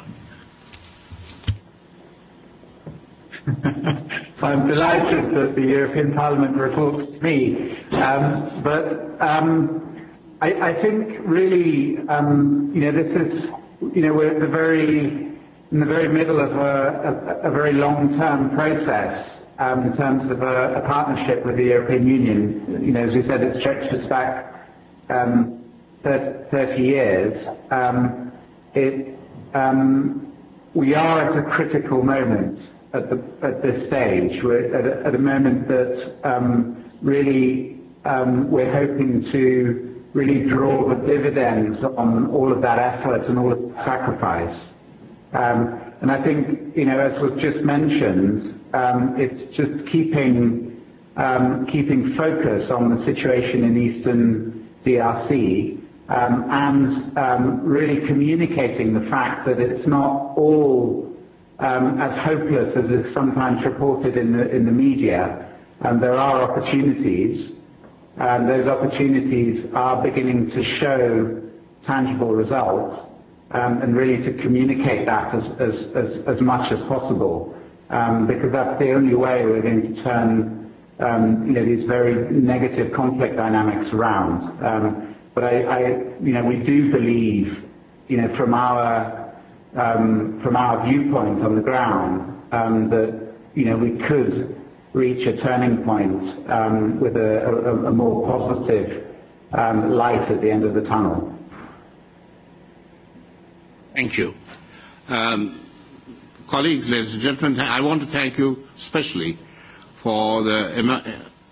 I'm delighted that the European Parliament reports to me, um, but um, I think really, um you you know know this is we're at the very in the very middle of a a a very long-term process um in terms of a a partnership with the European Union. You know, As we said, it stretches back um 30 years. Um um it We are at a critical moment at the at this stage. We're at a at a moment that um really um we're hoping to really draw the dividends on all of that effort and all of that sacrifice. Um And I think, you know, as was just mentioned, um, it's just keeping um keeping focus on the situation in Eastern DRC, um and um really communicating the fact that it's not all um as hopeless as is sometimes reported in the in the media. And There are opportunities, and those opportunities are beginning to show tangible results, and really to communicate that as much as possible, because that's the only way we're going to turn these very negative conflict dynamics around. We do believe from our viewpoint on the ground, that we could reach a turning point with a more positive light at the end of the tunnel. Thank you. Colleagues, ladies and gentlemen, I want to thank you especially for the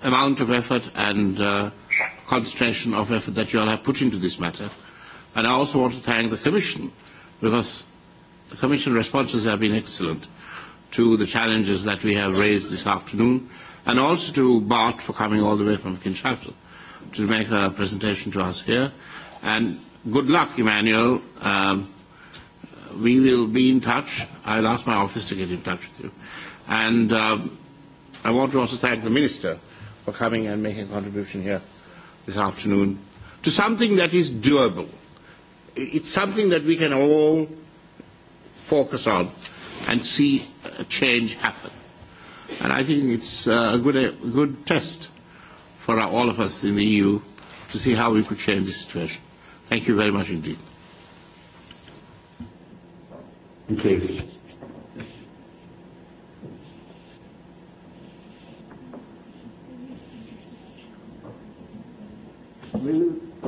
amount of effort and uh, concentration of effort that you all have put into this matter. And I also want to thank the Commission because the Commission responses have been excellent to the challenges that we have raised this afternoon, and also to Bart for coming all the way from Kinshasa to make a presentation to us here. And good luck, Emmanuel. Um, we will be in touch. I'll ask my office to get in touch with you. And um, I want to also thank the Minister for coming and making a contribution here this afternoon to something that is doable. It's something that we can all focus on and see a change happen. And I think it's a good, a good test for all of us in the EU to see how we could change the situation. Thank you very much indeed. Thank you.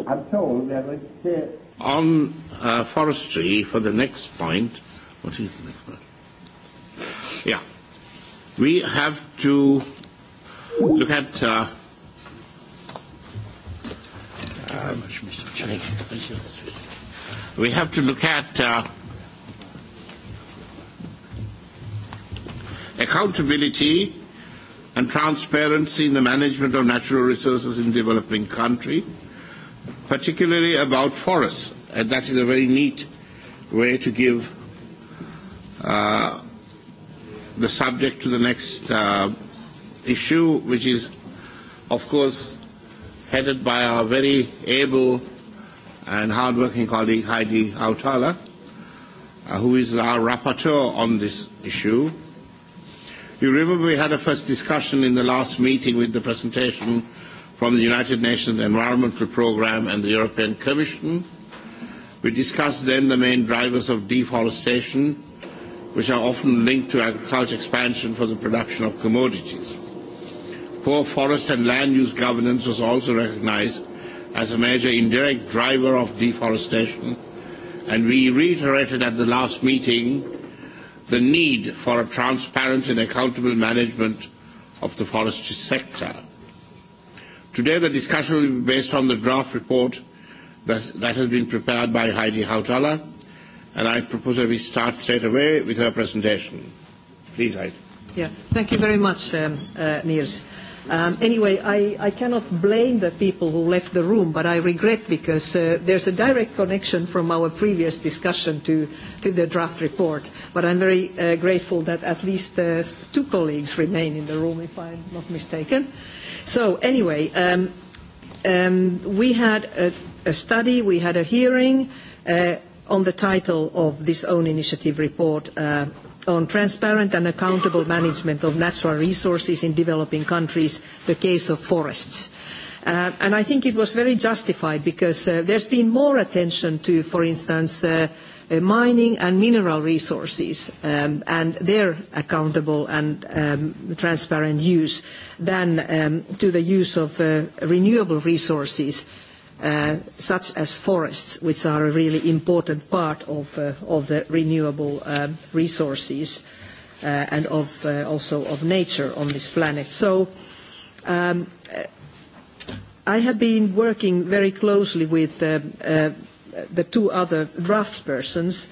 I'm told that it's... On uh, forestry, for the next point, what is the next point? Yeah. We have to look at. Uh, we have to look at uh, accountability and transparency in the management of natural resources in developing country, particularly about forests. And that is a very neat way to give uh, the subject to the next uh, issue, which is, of course, headed by our very able and hard-working colleague Heidi Autala, uh, who is our rapporteur on this issue. You remember we had a first discussion in the last meeting with the presentation from the United Nations Environmental Programme and the European Commission. We discussed then the main drivers of deforestation which are often linked to agriculture expansion for the production of commodities. Poor forest and land use governance was also recognized as a major indirect driver of deforestation, and we reiterated at the last meeting the need for a transparent and accountable management of the forestry sector. Today, the discussion will be based on the draft report that, that has been prepared by Heidi Hautala and I propose that we start straight away with her presentation. Please, Heidi. Yeah, thank you very much, um, uh, Niels. Um, anyway, I, I cannot blame the people who left the room, but I regret because uh, there's a direct connection from our previous discussion to, to the draft report. But I'm very uh, grateful that at least uh, two colleagues remain in the room, if I'm not mistaken. So anyway, um, um, we had a, a study, we had a hearing. Uh, on the title of this own initiative report on transparent and accountable management of natural resources in developing countries, the case of forests. and I think it was very justified because there has been more attention to, for instance, mining and mineral resources and their accountable and transparent use than to the use of renewable resources such as forests, which are a really important part of, the renewable resources and also of nature on this planet. So I have been working very closely with the two other draftspersons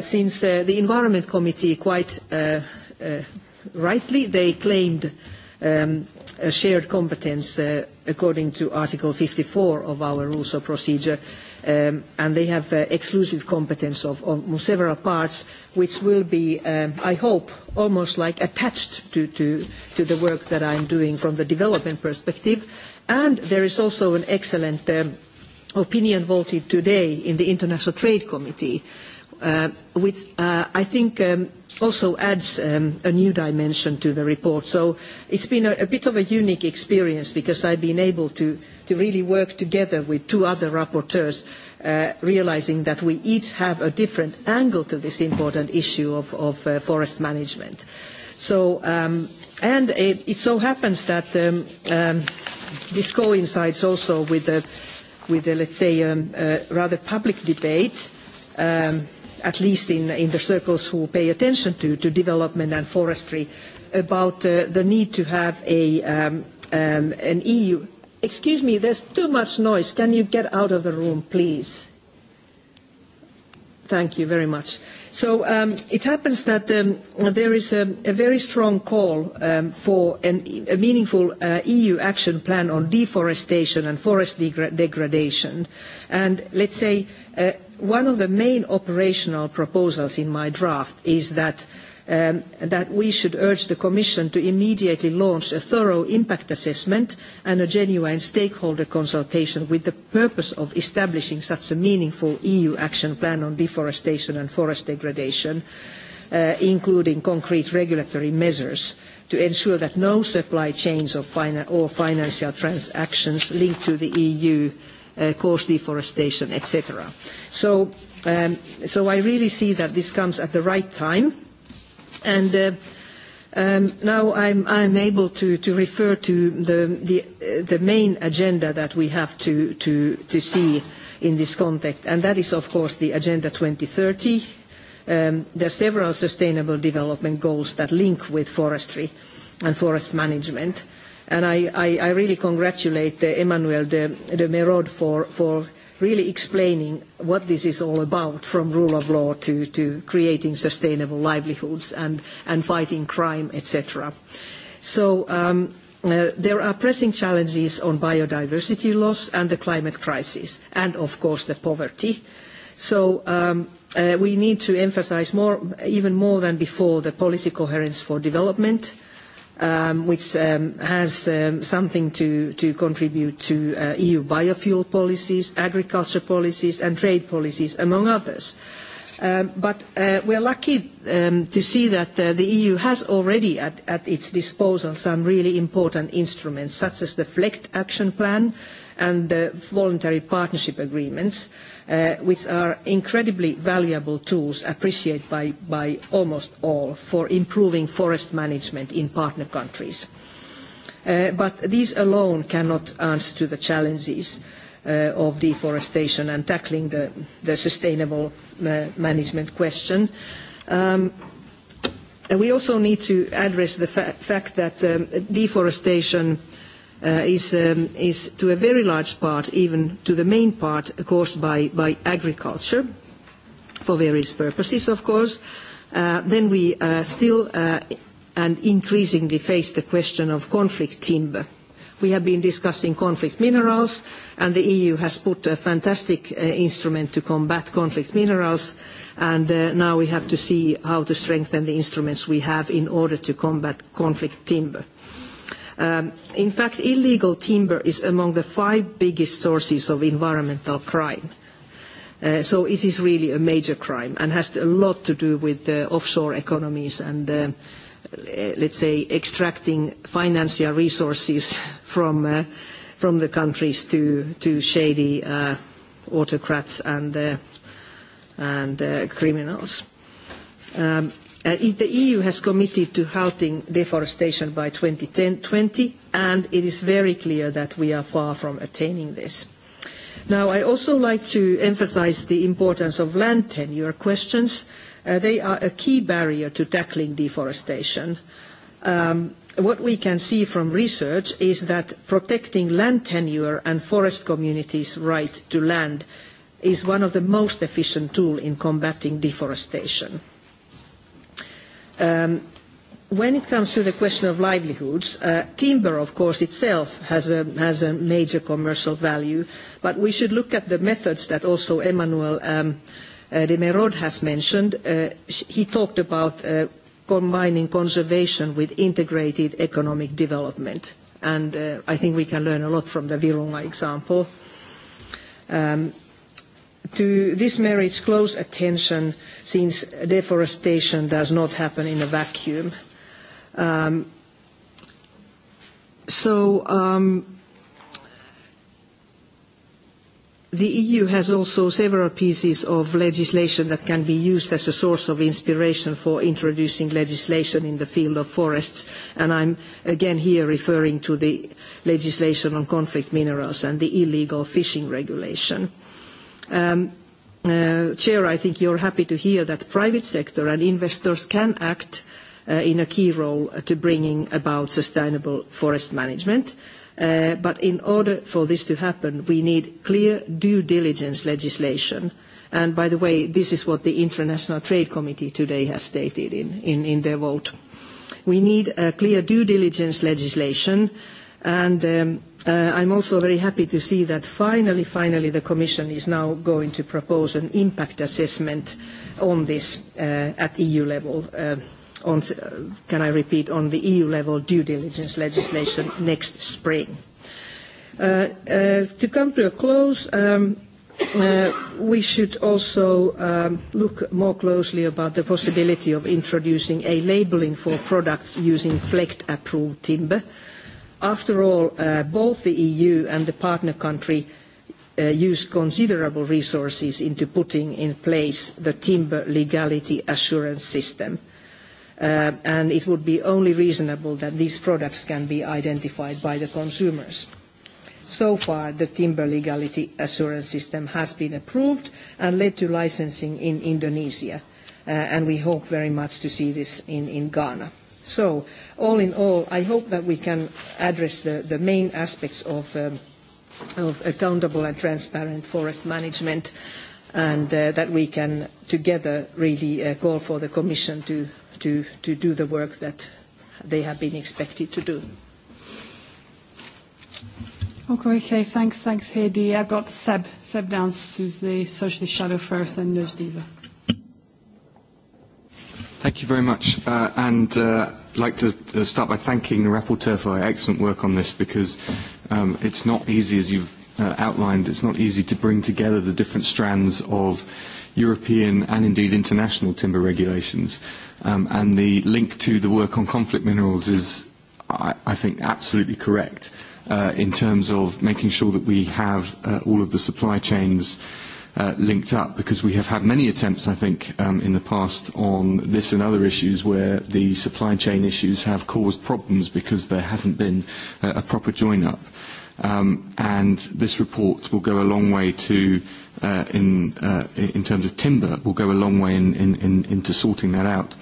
since the Environment Committee quite rightly, they claimed shared competence according to Article 54 of our rules of procedure, and they have exclusive competence of several parts, which will be, I hope, almost like attached to the work that I'm doing from the development perspective. And there is also an excellent opinion voted today in the International Trade Committee which I think also adds a new dimension to the report. So it's been a bit of a unique experience because I've been able to really work together with two other rapporteurs, realising that we each have a different angle to this important issue of forest management. So And it so happens that this coincides also with, let's say, a rather public debate um, at least in, in the circles who pay attention to, to development and forestry, about uh, the need to have a, um, um, an EU. Excuse me, there's too much noise. Can you get out of the room, please? Thank you very much. So um, it happens that um, there is a, a very strong call um, for an, a meaningful uh, EU action plan on deforestation and forest degra- degradation. And let's say uh, One of the main operational proposals in my draft is that that we should urge the Commission to immediately launch a thorough impact assessment and a genuine stakeholder consultation with the purpose of establishing such a meaningful EU action plan on deforestation and forest degradation, including concrete regulatory measures to ensure that no supply chains or, financial transactions linked to the EU cause deforestation, etc. So, I really see that this comes at the right time. And now I'm, I'm able to, to refer to the, the, the main agenda that we have to, to, to see in this context, and that is, of course, the Agenda 2030. Um, there are several sustainable development goals that link with forestry and forest management and I, I, I really congratulate Emmanuel de, Merode for, really explaining what this is all about, from rule of law to, creating sustainable livelihoods and, fighting crime, etc. So there are pressing challenges on biodiversity loss and the climate crisis, and of course the poverty. So we need to emphasize more, even more than before, the policy coherence for development – which has something to contribute to EU biofuel policies, agriculture policies, and trade policies, among others. But we are lucky to see that the EU has already at its disposal some really important instruments, such as the FLECT action plan, and the voluntary partnership agreements, which are incredibly valuable tools appreciated by almost all for improving forest management in partner countries. But these alone cannot answer to the challenges of deforestation and tackling the sustainable management question. We also need to address the fact that deforestation is to a very large part, even to the main part, caused by agriculture for various purposes, of course. Then we still and increasingly face the question of conflict timber. We have been discussing conflict minerals, and the EU has put a fantastic instrument to combat conflict minerals, and now we have to see how to strengthen the instruments we have in order to combat conflict timber in fact, illegal timber is among the five biggest sources of environmental crime. so it is really a major crime and has a lot to do with the offshore economies and, let's say, extracting financial resources from, from the countries to, to shady autocrats and, and criminals. Um, the EU has committed to halting deforestation by 2020, and it is very clear that we are far from attaining this. Now, I also like to emphasise the importance of land tenure questions. they are a key barrier to tackling deforestation. what we can see from research is that protecting land tenure and forest communities' right to land is one of the most efficient tools in combating deforestation when it comes to the question of livelihoods, timber, of course, itself has a, major commercial value, but we should look at the methods that also Emmanuel de Merode has mentioned. he talked about combining conservation with integrated economic development, and I think we can learn a lot from the Virunga example. Um, to this merits close attention since deforestation does not happen in a vacuum. so the EU has also several pieces of legislation that can be used as a source of inspiration for introducing legislation in the field of forests. And I'm again here referring to the legislation on conflict minerals and the illegal fishing regulation Chair, I think you're happy to hear that private sector and investors can act in a key role to bringing about sustainable forest management. But in order for this to happen, we need clear due diligence legislation. And by the way, this is what the International Trade Committee today has stated in their vote. We need a clear due diligence legislation And I am I'm also very happy to see that finally, finally, the Commission is now going to propose an impact assessment on this at EU level. on, can I repeat, on the EU level due diligence legislation next spring. to come to a close, we should also look more closely about the possibility of introducing a labelling for products using FLEGT-approved timber After all, uh, both the EU and the partner country uh, used considerable resources into putting in place the timber legality assurance system. Uh, and it would be only reasonable that these products can be identified by the consumers. So far, the timber legality assurance system has been approved and led to licensing in Indonesia, and we hope very much to see this in Ghana. So all in all, I hope that we can address the, the main aspects of, um, of accountable and transparent forest management and uh, that we can together really uh, call for the Commission to, to, to do the work that they have been expected to do. Okay, okay, thanks, thanks Heidi. I've got Seb, Seb Dance, who's the Socialist Shadow first, and Nurse Diva. Thank you very much. Uh, and uh, I'd like to start by thanking the rapporteur for her excellent work on this because um, it's not easy, as you've uh, outlined, it's not easy to bring together the different strands of European and indeed international timber regulations. Um, and the link to the work on conflict minerals is, I, I think, absolutely correct uh, in terms of making sure that we have uh, all of the supply chains uh, uh, linked up because we have had many attempts, I think, um, in the past on this and other issues where the supply chain issues have caused problems because there hasn't been a proper join up. Um, and this report will go a long way to, uh, in, uh, in terms of timber, will go a long way in, in, in, into sorting that out.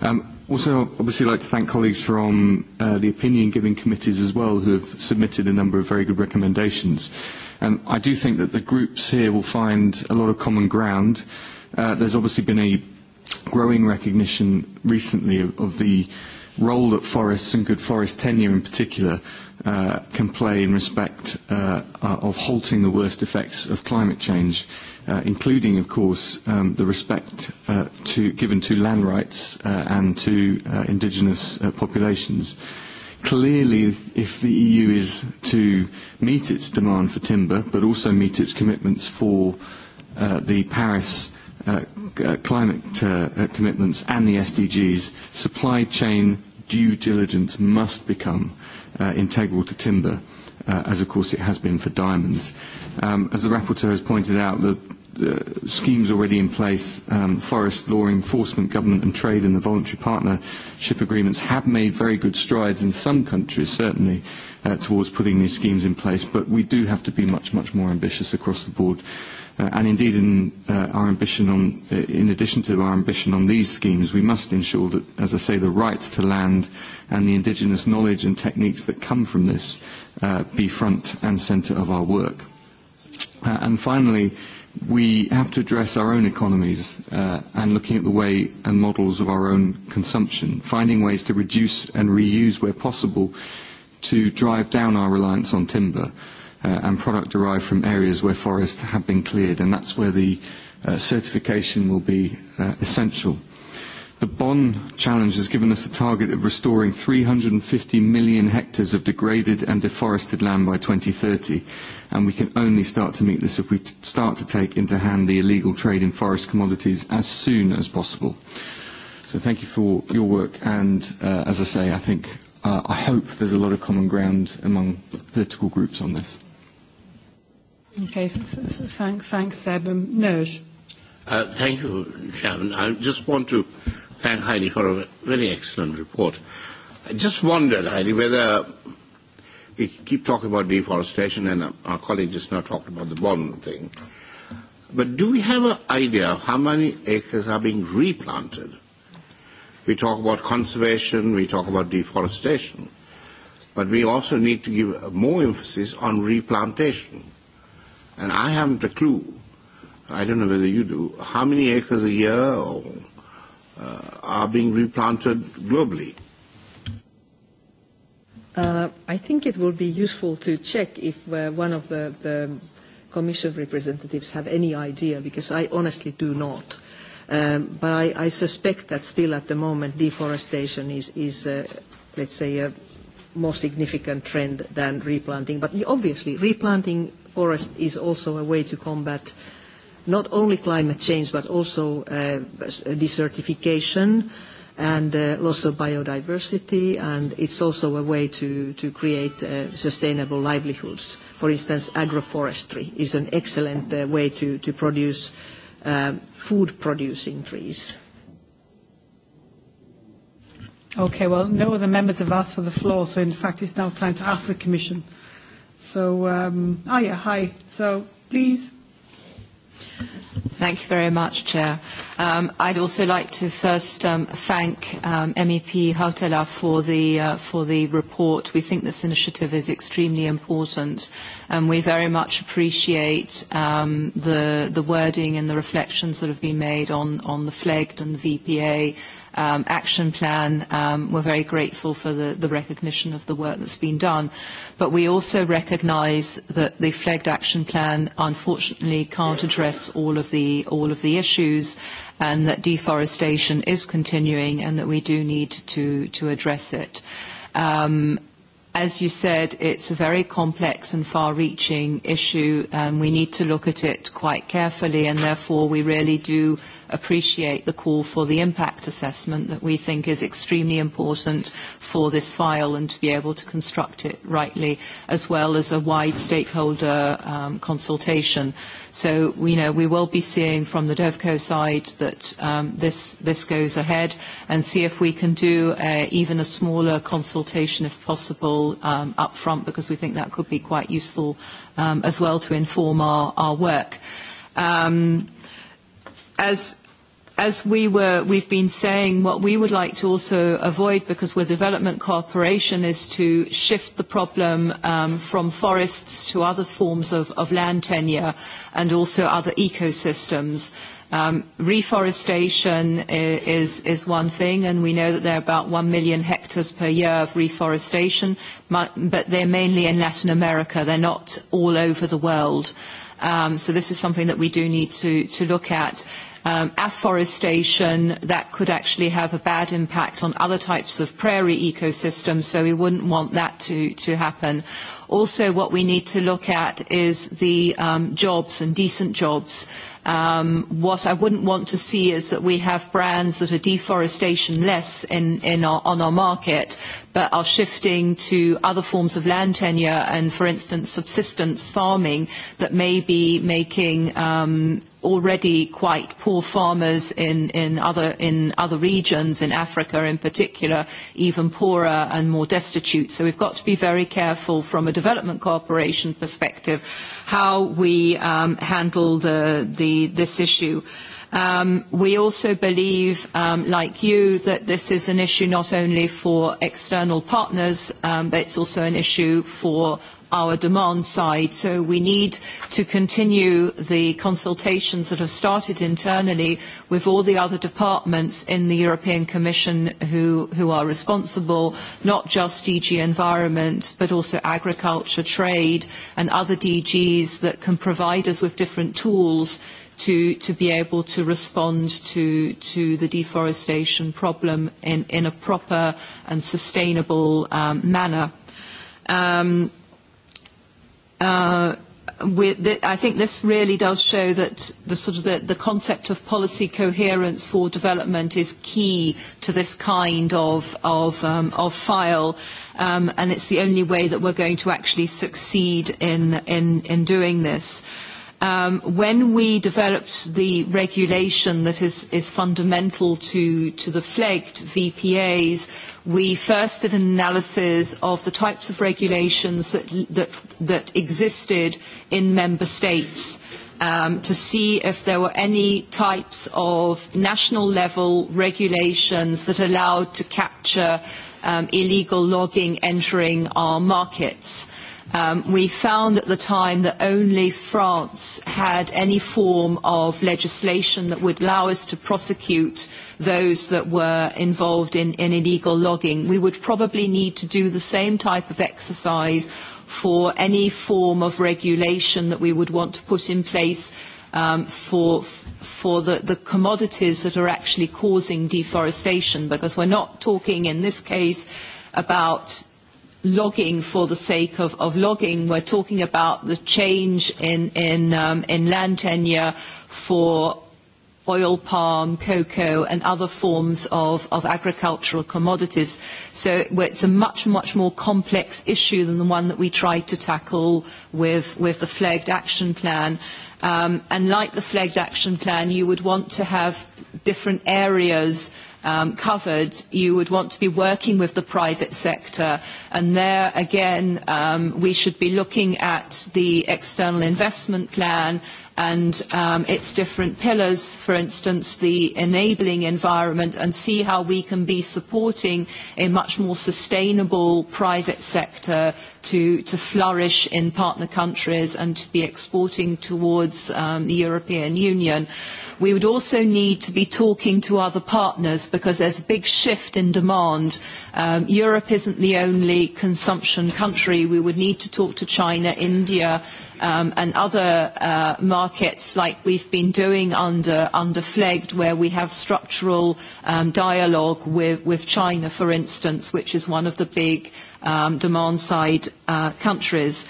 Um, Also, obviously, like to thank colleagues from uh, the opinion-giving committees as well who have submitted a number of very good recommendations. Um, I do think that the groups here will find a lot of common ground. Uh, there's obviously been a growing recognition recently of, of the role that forests and good forest tenure in particular uh, can play in respect uh, of halting the worst effects of climate change, uh, including, of course, um, the respect uh, to, given to land rights uh, and to uh, indigenous uh, populations. Uh, Clearly, if the EU is to meet its demand for timber, but also meet its commitments for uh, the Paris uh, uh, climate uh, commitments and the SDGs, supply chain due diligence must become uh, integral to timber, uh, as of course it has been for diamonds. Um, as the rapporteur has pointed out, the uh, schemes already in place, um, forest law enforcement, government and trade and the voluntary partnership agreements have made very good strides in some countries, certainly, uh, towards putting these schemes in place. But we do have to be much, much more ambitious across the board. Uh, and indeed, in uh, our ambition on, uh, in addition to our ambition on these schemes, we must ensure that, as I say, the rights to land and the indigenous knowledge and techniques that come from this uh, be front and centre of our work. Uh, and finally, uh, we have to address our own economies uh, and looking at the way and models of our own consumption, finding ways to reduce and reuse where possible to drive down our reliance on timber uh, and product derived from areas where forests have been cleared. And that's where the uh, certification will be uh, essential. The Bonn challenge has given us a target of restoring 350 million hectares of degraded and deforested land by 2030, and we can only start to meet this if we start to take into hand the illegal trade in forest commodities as soon as possible. So thank you for your work, and uh, as I say, I think uh, I hope there's a lot of common ground among political groups on this. Okay, thanks, Seb. Um, thank you, Chairman. I just want to thank Heidi for a very excellent report. I just wondered, Heidi, whether we keep talking about deforestation and our colleague just now talked about the bond thing. But do we have an idea of how many acres are being replanted? We talk about conservation, we talk about deforestation, but we also need to give more emphasis on replantation. And I haven't a clue, I don't know whether you do, how many acres a year or uh, are being replanted globally? Uh, I think it will be useful to check if uh, one of the, the Commission representatives have any idea, because I honestly do not. Um, but I, I suspect that still at the moment deforestation is, is uh, let's say, a more significant trend than replanting. But obviously, replanting forest is also a way to combat uh, not only climate change, but also desertification and loss of biodiversity, and it's also a way to create sustainable livelihoods. For instance, agroforestry is an excellent way to produce food-producing trees. Okay, well, no other members have asked for the floor, so in fact, it's now time to ask the Commission. So, oh yeah, hi. So, please. Thank you very much, Chair. Um, I'd also like to first um, thank um, MEP Hautala for the, uh, for the report. We think this initiative is extremely important, and we very much appreciate um, the, the wording and the reflections that have been made on, on the FLEGT and the VPA um, action plan. Um, we're very grateful for the, the recognition of the work that's been done. But we also recognise that the flagged action plan unfortunately can't address all of the, all of the issues and that deforestation is continuing and that we do need to, to address it. Um, as you said, it's a very complex and far-reaching issue. and we need to look at it quite carefully, and therefore we really do appreciate the call for the impact assessment that we think is extremely important for this file and to be able to construct it rightly, as well as a wide stakeholder um, consultation. So you know, we will be seeing from the DevCo side that um, this, this goes ahead and see if we can do a, even a smaller consultation, if possible, um, up front, because we think that could be quite useful um, as well to inform our, our work. Um, as as we were, we've been saying, what we would like to also avoid, because we're development cooperation, is to shift the problem um, from forests to other forms of, of land tenure and also other ecosystems. Um, reforestation is, is one thing, and we know that there are about 1 million hectares per year of reforestation, but they're mainly in Latin America. They're not all over the world. Um, so this is something that we do need to, to look at um, afforestation that could actually have a bad impact on other types of prairie ecosystems, so we wouldn't want that to, to happen. Also, what we need to look at is the um, jobs and decent jobs. Um, what I wouldn't want to see is that we have brands that are deforestation less in, in our, on our market, but are shifting to other forms of land tenure and, for instance, subsistence farming that may be making um, already quite poor farmers in, in, other, in other regions, in Africa in particular, even poorer and more destitute. So we've got to be very careful from a development cooperation perspective how we um, handle the, the, this issue. Um, we also believe, um, like you, that this is an issue not only for external partners, um, but it's also an issue for our demand side. So we need to continue the consultations that have started internally with all the other departments in the European Commission who, who are responsible, not just DG Environment, but also Agriculture, Trade, and other DGs that can provide us with different tools to, to be able to respond to, to the deforestation problem in, in a proper and sustainable um, manner. Um, uh, th- I think this really does show that the sort of the, the concept of policy coherence for development is key to this kind of of, um, of file, um, and it's the only way that we're going to actually succeed in in, in doing this. Um, when we developed the regulation that is, is fundamental to, to the flagged VPAs, we first did an analysis of the types of regulations that, that, that existed in member states um, to see if there were any types of national level regulations that allowed to capture um, illegal logging entering our markets. Um, we found at the time that only France had any form of legislation that would allow us to prosecute those that were involved in, in illegal logging. We would probably need to do the same type of exercise for any form of regulation that we would want to put in place um, for, for the, the commodities that are actually causing deforestation, because we're not talking in this case about logging for the sake of, of logging. We're talking about the change in, in, um, in land tenure for oil palm, cocoa, and other forms of, of agricultural commodities. So it's a much, much more complex issue than the one that we tried to tackle with, with the flagged action plan. Um, and like the flagged action plan, you would want to have different areas um, covered, you would want to be working with the private sector. And there, again, um, we should be looking at the external investment plan and um, its different pillars, for instance, the enabling environment, and see how we can be supporting a much more sustainable private sector to, to flourish in partner countries and to be exporting towards um, the European Union. We would also need to be talking to other partners because there's a big shift in demand. Um, Europe isn't the only consumption country. We would need to talk to China, India, um, and other uh, markets like we've been doing under, under FLEGD where we have structural um, dialogue with, with China, for instance, which is one of the big um, demand side uh, countries.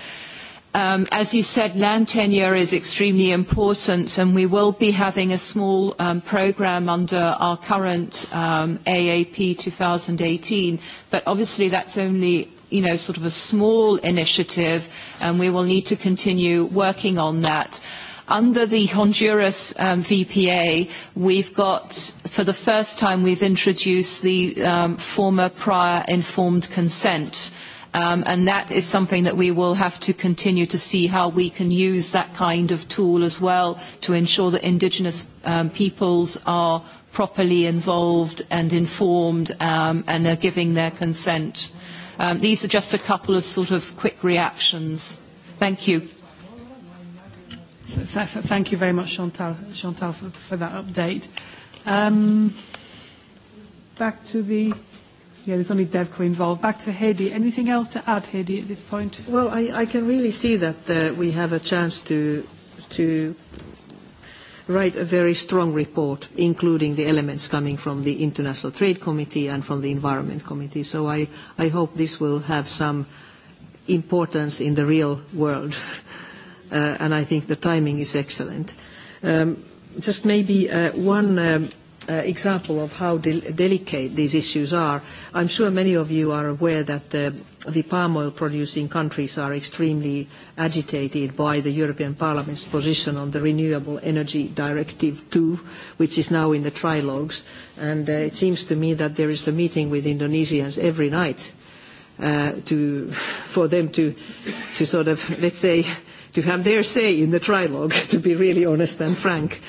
Um, as you said, land tenure is extremely important, and we will be having a small um, program under our current um, AAP 2018. But obviously, that's only you know sort of a small initiative, and we will need to continue working on that. Under the Honduras um, VPA, we've got, for the first time, we've introduced the um, former prior informed consent and that is something that we will have to continue to see how we can use that kind of tool as well to ensure that indigenous peoples are properly involved and informed and are giving their consent. these are just a couple of sort of quick reactions. Thank you. Thank you very much, Chantal, Chantal for, for that update. Um, back to the yeah, there's only DevCo involved. Back to Hedy. Anything else to add, Hedy, at this point? Well, I, I can really see that uh, we have a chance to to write a very strong report, including the elements coming from the International Trade Committee and from the Environment Committee. So I, I hope this will have some importance in the real world and I think the timing is excellent. Just maybe one example of how delicate these issues are. I'm sure many of you are aware that the palm oil producing countries are extremely agitated by the European Parliament's position on the Renewable Energy Directive II, which is now in the trilogues. And it seems to me that there is a meeting with Indonesians every night for them to, to sort of, let's say, to have their say in the trilogue, to be really honest and frank.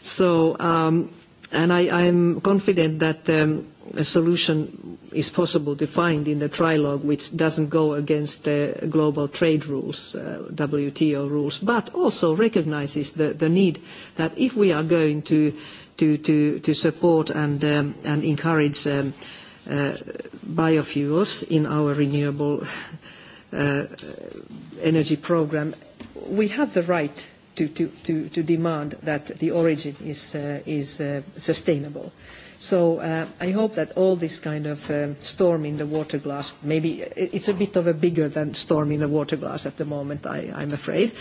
So, um, and I, I'm confident that um, a solution is possible to find in the trilogue which doesn't go against the global trade rules, uh, WTO rules, but also recognizes the, the need that if we are going to, to, to, to support and, um, and encourage um, uh, biofuels in our renewable uh, energy program, we have the right to, to, to, to demand that the origin is, uh, is uh, sustainable. So uh, I hope that all this kind of um, storm in the water glass, maybe it's a bit of a bigger than storm in the water glass at the moment, I, I'm afraid,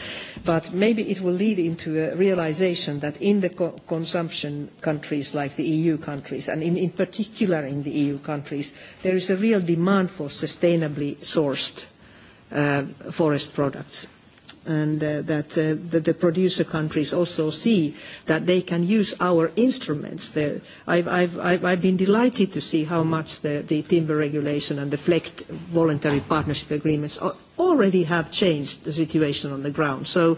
but maybe it will lead into a realization that in the co- consumption countries like the EU countries, and in, in particular in the EU countries, there is a real demand for sustainably sourced uh, forest products and uh, that, uh, the producer countries also see that they can use our instruments. The, I've, I've, I've, I've been delighted to see how much the, the timber regulation and the FLECT voluntary partnership agreements already have changed the situation on the ground. So,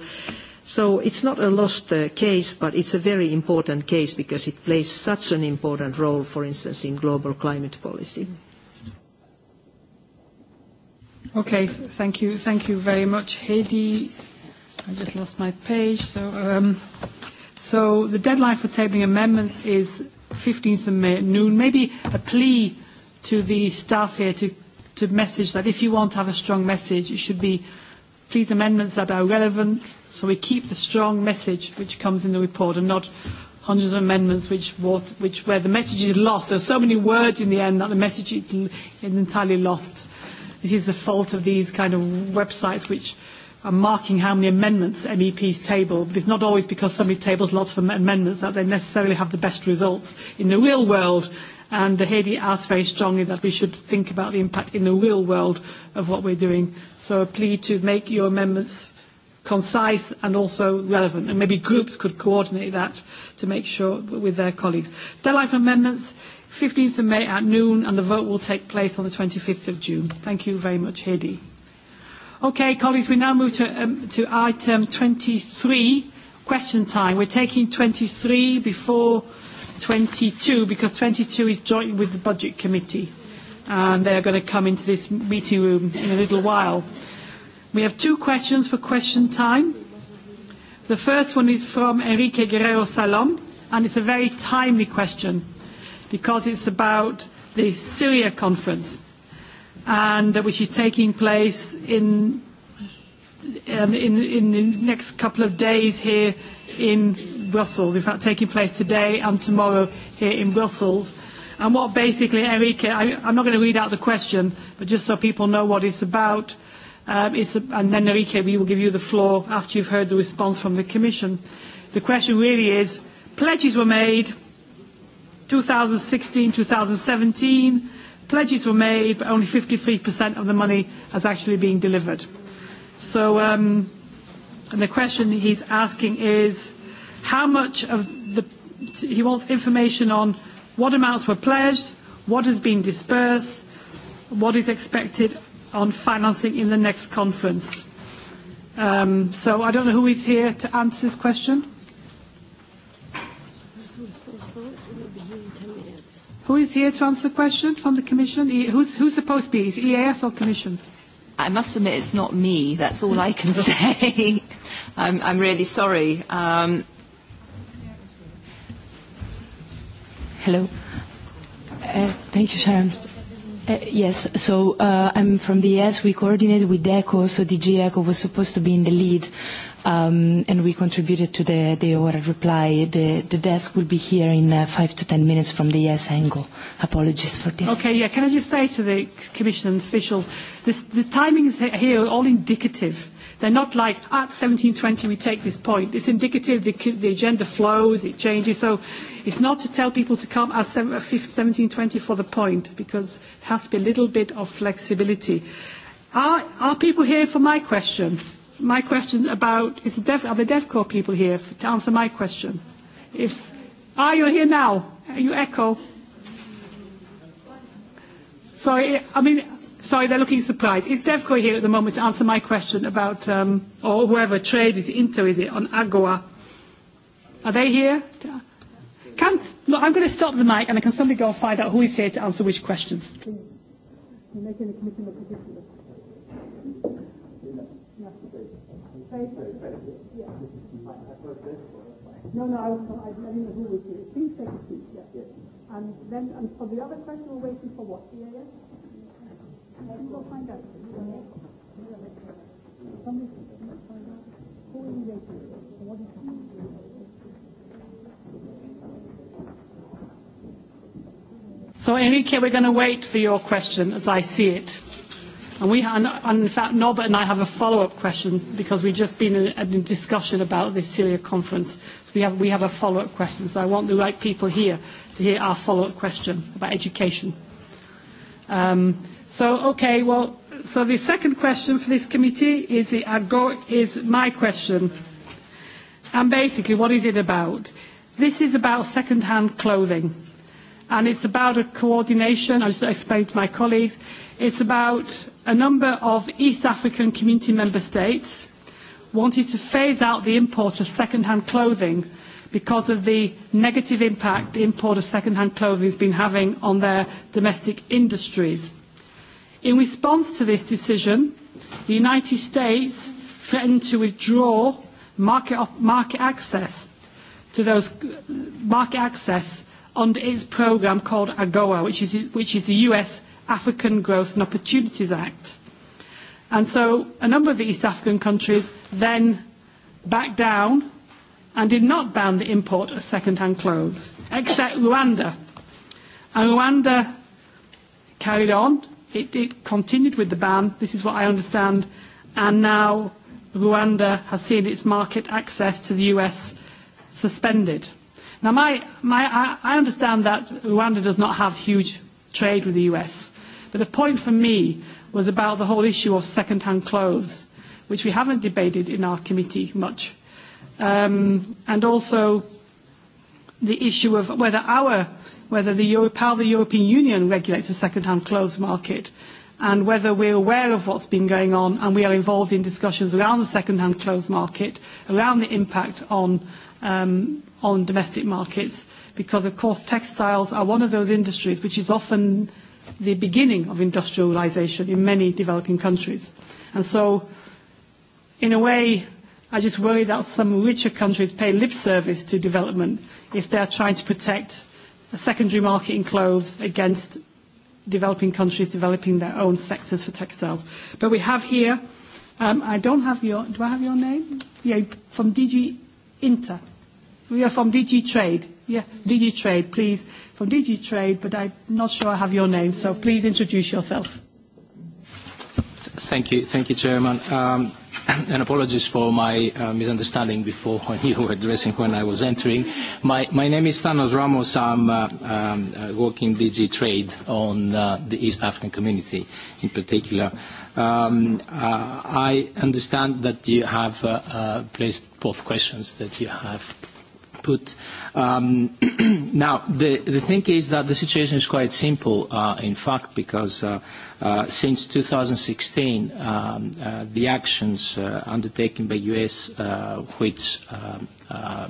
so it's not a lost uh, case, but it's a very important case because it plays such an important role, for instance, in global climate policy. Mm-hmm. Okay, thank you. Thank you very much, Heidi. I just lost my page. So, um, so the deadline for tabling amendments is 15th of May at noon. Maybe a plea to the staff here to, to message that if you want to have a strong message, it should be please amendments that are relevant so we keep the strong message which comes in the report and not hundreds of amendments which, which where the message is lost. There are so many words in the end that the message is entirely lost This is the fault of these kind of websites which are marking how many amendments MEPs table, but it's not always because somebody tables lots of amendments that they necessarily have the best results in the real world. And Haiti asked very strongly that we should think about the impact in the real world of what we're doing. So a plea to make your amendments concise and also relevant. And maybe groups could coordinate that to make sure with their colleagues. Deadline for amendments 15th of May at noon, and the vote will take place on the 25th of June. Thank you very much, Hedy. Okay, colleagues, we now move to, um, to item 23, question time. We're taking 23 before 22 because 22 is joint with the Budget Committee, and they are going to come into this meeting room in a little while. We have two questions for question time. The first one is from Enrique Guerrero Salom, and it's a very timely question because it's about the Syria conference, and which is taking place in, um, in, in the next couple of days here in Brussels. In fact, taking place today and tomorrow here in Brussels. And what basically, Enrique, I, I'm not going to read out the question, but just so people know what it's about, um, it's, a, and then Enrique, we will give you the floor after you've heard the response from the Commission. The question really is, pledges were made, 2016, 2017, pledges were made, but only 53% of the money has actually been delivered. So, um, and the question he's asking is, how much of the, he wants information on what amounts were pledged, what has been dispersed, what is expected on financing in the next conference. Um, so I don't know who is here to answer this question. Who is here to answer the question from the Commission? Who's, who's supposed to be? Is it EAS or Commission? I must admit it's not me. That's all I can say. I'm, I'm really sorry. Um, Hello. Uh, thank you, Sharon. Uh, yes, so uh, I'm from the ES. We coordinate with DECO, so DG ECO was supposed to be in the lead um, and we contributed to the, the oral reply. The, the desk will be here in uh, five to ten minutes from the yes angle. Apologies for this. Okay, yeah. Can I just say to the Commission and officials, this, the timings here are all indicative. They're not like at 17.20 we take this point. It's indicative, the, the agenda flows, it changes. So it's not to tell people to come at 17.20 for the point because it has to be a little bit of flexibility. Are, are people here for my question? my question about is the Dev, are the DevCo people here to answer my question? If are you here now? You echo. Sorry, I mean, sorry, they're looking surprised. Is DevCo here at the moment to answer my question about, um, or whoever trade is Inter is it on AGOA? Are they here? Can look, I'm going to stop the mic, and can somebody go and find out who is here to answer which questions? Can you make any commitment Yeah. No, no, I, was, I didn't know who was here. Please take a seat, yeah. yeah. And then, and for the other question, we're waiting for what? Yeah, yeah. we'll find out. Somebody find out who are you waiting for? What is So, Enrique, we're going to wait for your question as I see it. And, we, and, and in fact, Norbert and I have a follow-up question because we've just been in a, in discussion about this Celia conference. So we have, we have a follow-up question. So I want the right people here to hear our follow-up question about education. Um, so, okay, well, so the second question for this committee is, the, is my question. And basically, what is it about? This is about second-hand clothing and it's about a coordination, I just explained to my colleagues, it's about a number of East African community member states wanting to phase out the import of second-hand clothing because of the negative impact the import of second-hand clothing has been having on their domestic industries. In response to this decision, the United States threatened to withdraw market, market access to those market access under its programme called AGOA, which is, which is the US African Growth and Opportunities Act. And so a number of the East African countries then backed down and did not ban the import of second-hand clothes, except Rwanda. And Rwanda carried on. It, it continued with the ban. This is what I understand. And now Rwanda has seen its market access to the US suspended. Now, my, my, I, I understand that Rwanda does not have huge trade with the US, but the point for me was about the whole issue of second-hand clothes, which we haven't debated in our committee much, um, and also the issue of whether our whether the Europe, how the European Union regulates the second-hand clothes market and whether we're aware of what's been going on and we are involved in discussions around the second-hand clothes market, around the impact on um, on domestic markets because, of course, textiles are one of those industries which is often the beginning of industrialization in many developing countries. And so, in a way, I just worry that some richer countries pay lip service to development if they are trying to protect a secondary market in clothes against developing countries developing their own sectors for textiles. But we have here, um, I don't have your, do I have your name? Yeah, from DG Inter. We are from DG Trade. Yeah, DG Trade, please. From DG Trade, but I'm not sure I have your name, so please introduce yourself. Thank you. Thank you, Chairman. Um, and apologies for my uh, misunderstanding before when you were addressing when I was entering. My, my name is Thanos Ramos. I'm uh, um, uh, working DG Trade on uh, the East African community in particular. Um, uh, I understand that you have uh, uh, placed both questions that you have put. Um, now, the, the thing is that the situation is quite simple, uh, in fact, because uh, uh, since 2016, um, uh, the actions uh, undertaken by U.S., uh, which uh, uh,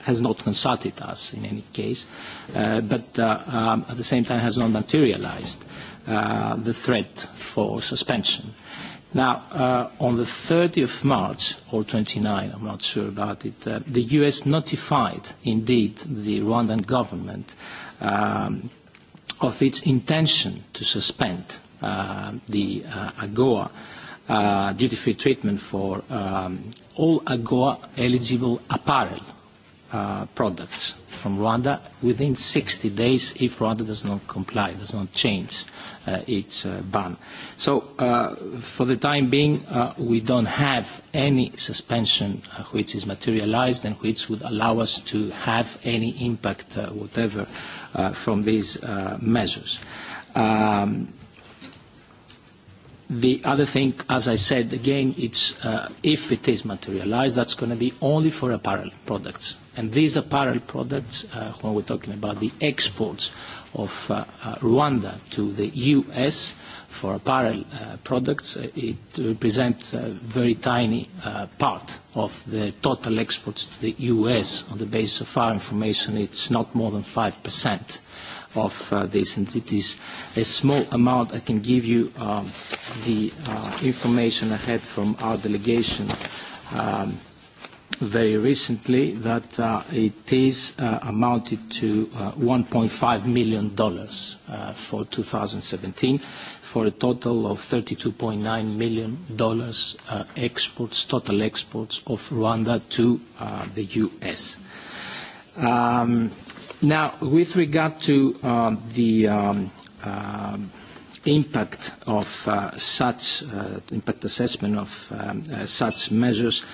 has not consulted us in any case, uh, but uh, um, at the same time has not materialized uh, the threat for suspension. Uh, Now, uh, on the 30th of March, or 29, I'm not sure about it, uh, the U.S. notified, indeed, the Rwandan government um, of its intention to suspend uh, the uh, AGOA uh, duty-free treatment for um, all AGOA-eligible apparel uh, products from Rwanda within 60 days if Rwanda does not comply, does not change. Uh, its ban. So for the time being, we don't have any suspension which is materialized and which would allow us to have any impact whatever from these measures. The other thing, as I said, again, it's if it is materialized, that's going to be only for apparel products. And these apparel products, when we're talking about the exports, of Rwanda to the U.S. for apparel products, it represents a very tiny part of the total exports to the U.S. On the basis of our information, it's not more than 5% of uh, this, and it is a small amount. I can give you um, the uh, information I had from our delegation um, very recently that uh, it is uh, amounted to uh, $1.5 million uh, for 2017 for a total of $32.9 million uh, exports, total exports of Rwanda to uh, the U.S. Um, now, with regard to the um, uh, impact of such impact assessment of such measures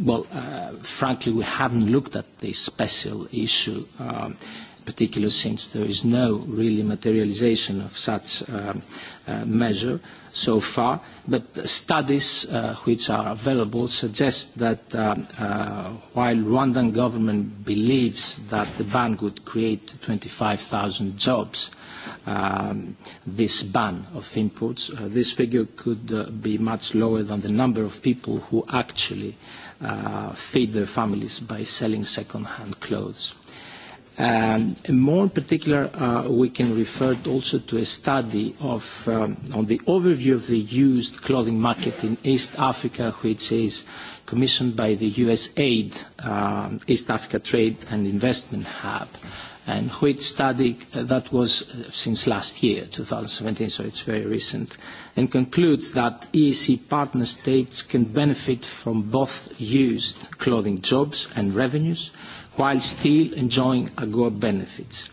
Well, uh, frankly, we haven't looked at this special issue, um, particularly since there is no really materialization of such um, uh, measure so far. But studies uh, which are available suggest that um, uh, while Rwandan government believes that the ban would create 25,000 jobs, um, this ban of imports, uh, this figure could uh, be much lower than the number of people who actually uh, uh, feed their families by selling second-hand clothes. Um, more in particular, uh, we can refer also to a study of, um, on the overview of the used clothing market in East Africa, which is commissioned by the USAID um, East Africa Trade and Investment Hub, and which study that was since last year, 2017, so it's very recent, and concludes that EEC partner states can benefit from both used clothing jobs and revenues while still enjoying AGOA benefits.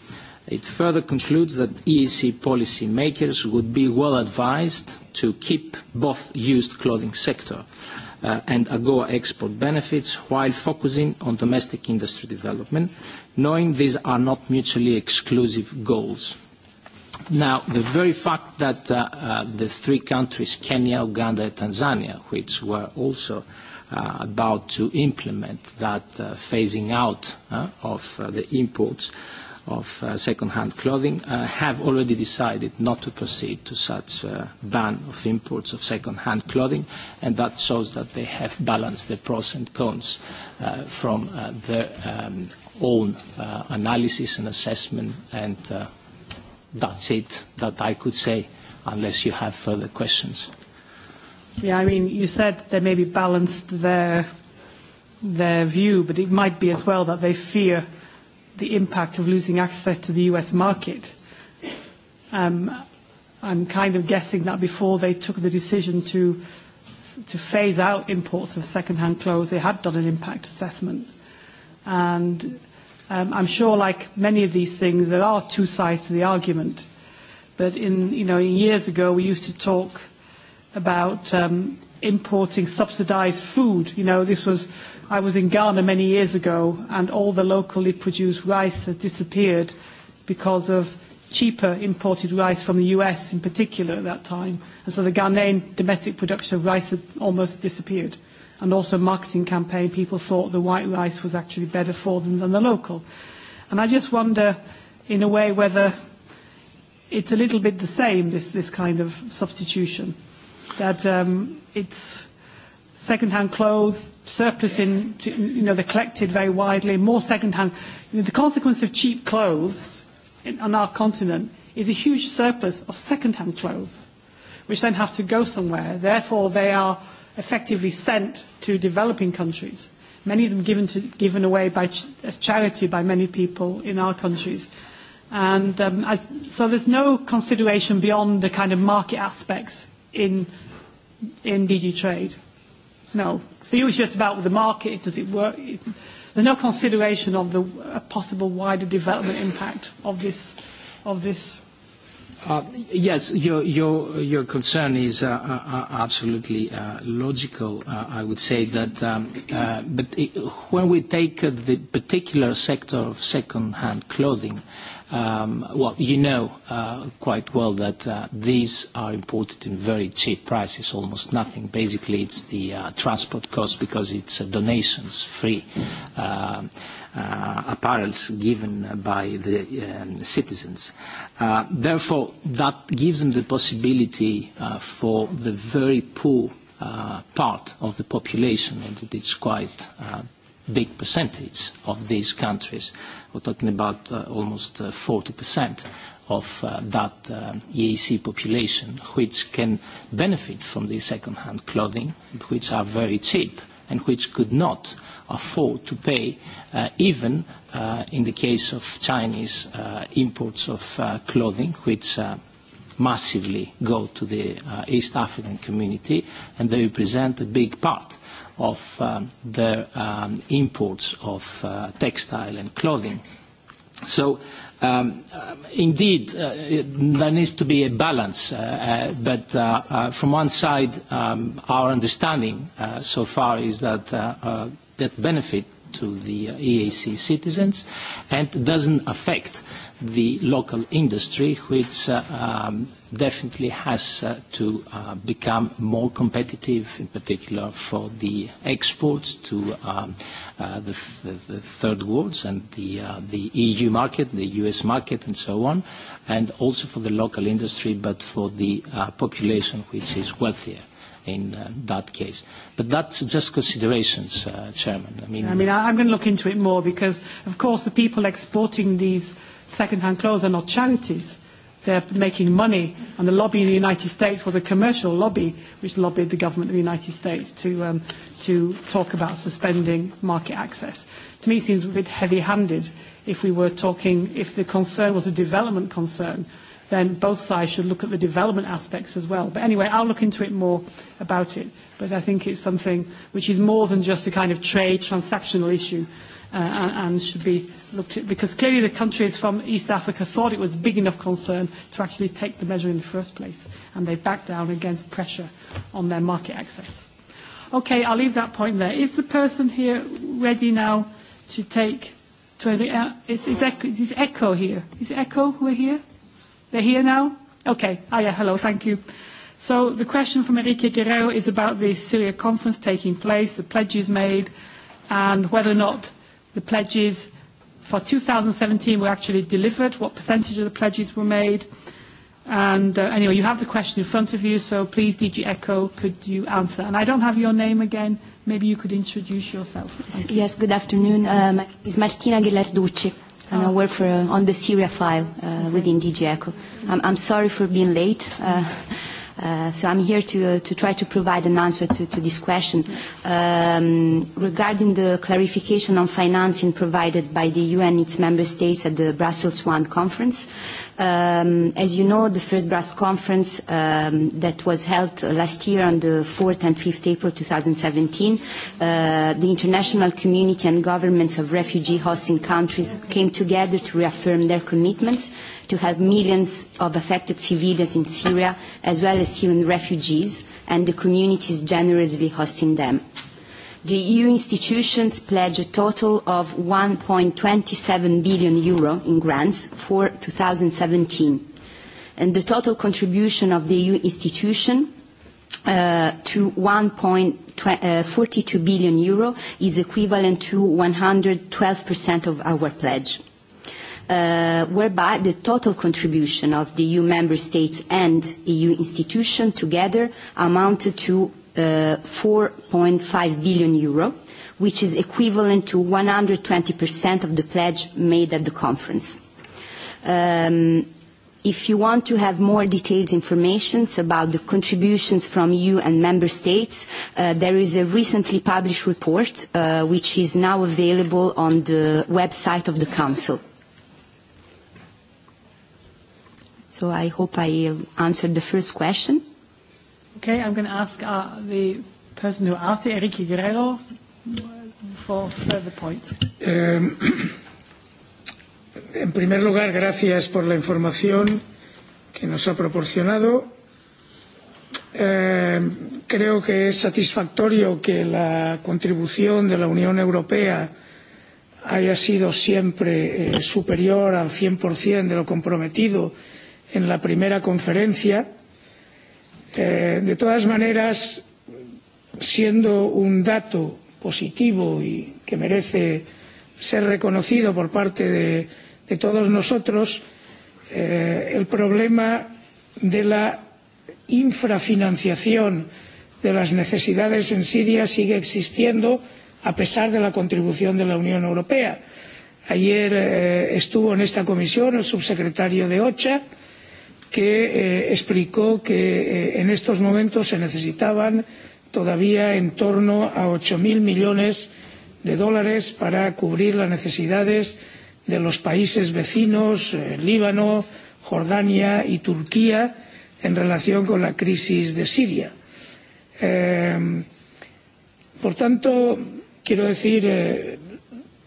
It further concludes that EEC policymakers would be well advised to keep both used clothing sector and AGOA export benefits while focusing on domestic industry development, knowing these are not mutually exclusive goals. Now, the very fact that the three countries, Kenya, Uganda, and Tanzania, which were also about to implement that phasing out of the imports, of uh, second-hand clothing uh, have already decided not to proceed to such a ban of imports of second-hand clothing, and that shows that they have balanced the pros and cons uh, from uh, their um, own uh, analysis and assessment, and uh, that's it that I could say, unless you have further questions. Yeah, I mean, you said they maybe balanced their their view, but it might be as well that they fear – the impact of losing access to the US market. Um, I'm kind of guessing that before they took the decision to, to phase out imports of second-hand clothes, they had done an impact assessment. And um, I'm sure, like many of these things, there are two sides to the argument. But in, you know, years ago, we used to talk about um, importing subsidized food. You know, this was I was in Ghana many years ago, and all the locally produced rice has disappeared because of cheaper imported rice from the US in particular at that time. And so the Ghanaian domestic production of rice had almost disappeared. And also marketing campaign, people thought the white rice was actually better for them than the local. And I just wonder, in a way, whether it's a little bit the same, this, this kind of substitution. That um, it's second-hand clothes, surplus in, you know, they're collected very widely, more second-hand. You know, the consequence of cheap clothes in, on our continent is a huge surplus of second-hand clothes, which then have to go somewhere. Therefore, they are effectively sent to developing countries, many of them given, to, given away by ch- as charity by many people in our countries. And um, I, so there's no consideration beyond the kind of market aspects in, in DG trade. No. For you, it's just about the market. Does it work? There's no consideration of the a possible wider development impact of this. Of this. Uh, yes, your, your, your concern is uh, uh, absolutely uh, logical, uh, I would say that. Um, uh, but it, when we take uh, the particular sector of second-hand clothing, uh, um, well, you know uh, quite well that uh, these are imported in very cheap prices, almost nothing. Basically, it's the uh, transport cost because it's donations, free uh, uh, apparels given by the citizens. Uh, therefore, that gives them the possibility uh, for the very poor uh, part of the population, and it is quite uh, big percentage of these countries. We're talking about uh, almost uh, 40% of uh, that uh, EAC population, which can benefit from the second-hand clothing, which are very cheap and which could not afford to pay, uh, even uh, in the case of Chinese uh, imports of uh, clothing, which uh, massively go to the uh, East African community, and they represent a big part of um, their um, imports of uh, textile and clothing. So, um, indeed, uh, it, there needs to be a balance, uh, uh, but uh, uh, from one side, um, our understanding uh, so far is that uh, uh, that benefit to the EAC citizens and doesn't affect uh, the local industry, which definitely has to uh become more competitive, in particular for the exports to the th the third worlds and the uh the EU market, the U.S. market, and so on, and also for the local industry, but for the uh population which is wealthier in that case. But that's just considerations, uh Chairman. I mean, I mean, I'm going to look into it more because, of course, the people exporting these second-hand clothes are not charities. They're making money, and the lobby in the United States was a commercial lobby which lobbied the government of the United States to, um, to talk about suspending market access. To me, it seems a bit heavy-handed if we were talking, if the concern was a development concern, then both sides should look at the development aspects as well. But anyway, I'll look into it more about it. But I think it's something which is more than just a kind of trade transactional issue and should be looked at because clearly the countries from East Africa thought it was big enough concern to actually take the measure in the first place and they backed down against pressure on their market access. Okay, I'll leave that point there. Is the person here ready now to take to uh, is, is, echo, is Echo here? Is Echo who are here? They're here now? Okay. Ah, yeah, hello, thank you. So the question from Enrique Guerrero is about the Syria conference taking place, the pledges made, and whether or not the pledges for 2017 were actually delivered, what percentage of the pledges were made. And uh, anyway, you have the question in front of you, so please, DG ECHO, could you answer? And I don't have your name again. Maybe you could introduce yourself. Yes, yes good afternoon. name is Martina Ghilarducci. And I work for, uh, on the Syria file uh, within DG ECHO. I'm, I'm sorry for being late. Uh, so I'm here to, to try to provide an answer to, to this question. Um, regarding the clarification on financing provided by the UN, its member states at the Brussels I conference, um, as you know, the first Brussels conference um, that was held last year on the 4th and 5th April 2017, uh, the international community and governments of refugee hosting countries came together to reaffirm their commitments to help millions of affected civilians in Syria, as well as Syrian refugees and the communities generously hosting them. The EU institutions pledge a total of 1.27 billion euro in grants for 2017, and the total contribution of the EU institution to 1.42 billion euro is equivalent to 112% of our pledge uh, whereby the total contribution of the EU member states and EU institutions together amounted to uh, 4.5 billion euro, which is equivalent to 120% of the pledge made at the conference. Um, if you want to have more detailed information about the contributions from EU and member states, uh, there is a recently published report uh, which is now available on the website of the Council. So I hope I answered the first question. Okay, I'm going to ask uh, the person who asked Enrique Guerrero, for further points. Um, en primer lugar, gracias por la información que nos ha proporcionado. Eh, creo que es satisfactorio que la contribución de la Unión Europea haya sido siempre eh, superior al 100% de lo comprometido en la primera conferencia. de todas maneras, siendo un dato positivo y que merece ser reconocido por parte de, de todos nosotros, eh, el problema de la infrafinanciación de las necesidades en Siria sigue existiendo a pesar de la contribución de la Unión Europea. Ayer eh, estuvo en esta comisión el subsecretario de OCHA, que explicó que en estos momentos se necesitaban todavía en torno a ocho cero millones de dólares para cubrir las necesidades de los países vecinos líbano jordania y turquía en relación con la crisis de siria. por tanto quiero decir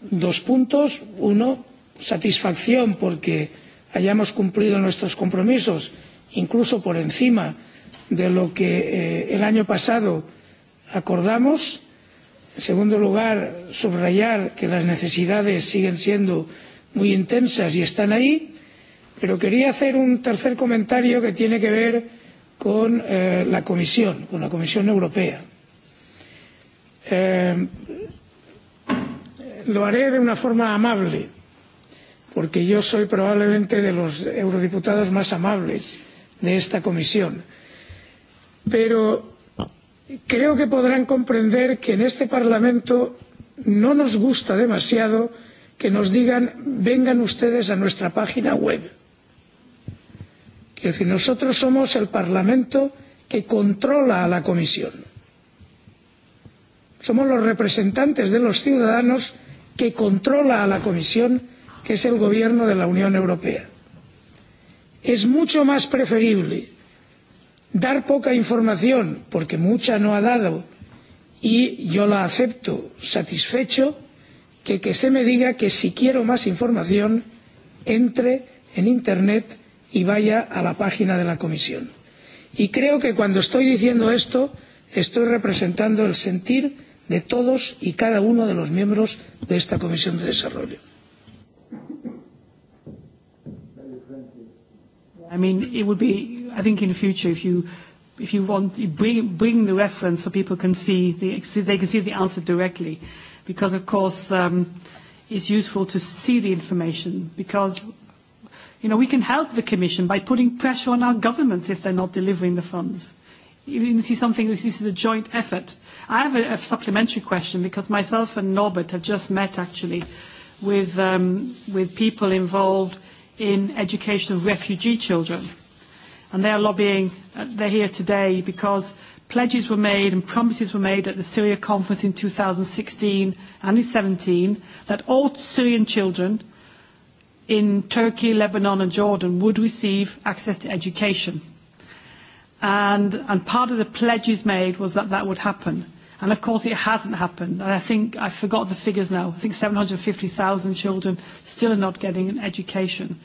dos puntos uno satisfacción porque hayamos cumplido nuestros compromisos, incluso por encima de lo que el año pasado acordamos. En segundo lugar, subrayar que las necesidades siguen siendo muy intensas y están ahí. Pero quería hacer un tercer comentario que tiene que ver con la Comisión, con la Comisión Europea. lo haré de una forma amable porque yo soy probablemente de los eurodiputados más amables de esta comisión. Pero creo que podrán comprender que en este Parlamento no nos gusta demasiado que nos digan vengan ustedes a nuestra página web. Quiero decir, nosotros somos el Parlamento que controla a la Comisión. Somos los representantes de los ciudadanos que controla a la Comisión que es el gobierno de la Unión Europea. Es mucho más preferible dar poca información, porque mucha no ha dado, y yo la acepto satisfecho, que, que se me diga que si quiero más información, entre en Internet y vaya a la página de la Comisión. Y creo que cuando estoy diciendo esto, estoy representando el sentir de todos y cada uno de los miembros de esta Comisión de Desarrollo. I mean, it would be, I think in future, if you, if you want, you bring, bring the reference so people can see, the, so they can see the answer directly. Because, of course, um, it's useful to see the information because, you know, we can help the Commission by putting pressure on our governments if they're not delivering the funds. can see something, this is a joint effort. I have a, a supplementary question because myself and Norbert have just met actually with, um, with people involved – in education of refugee children. And they are lobbying, they're here today because pledges were made and promises were made at the Syria conference in 2016 and in 17 that all Syrian children in Turkey, Lebanon and Jordan would receive access to education. And, and part of the pledges made was that that would happen. And of course, it hasn't happened. And I think I forgot the figures now. I think 750,000 children still are not getting an education.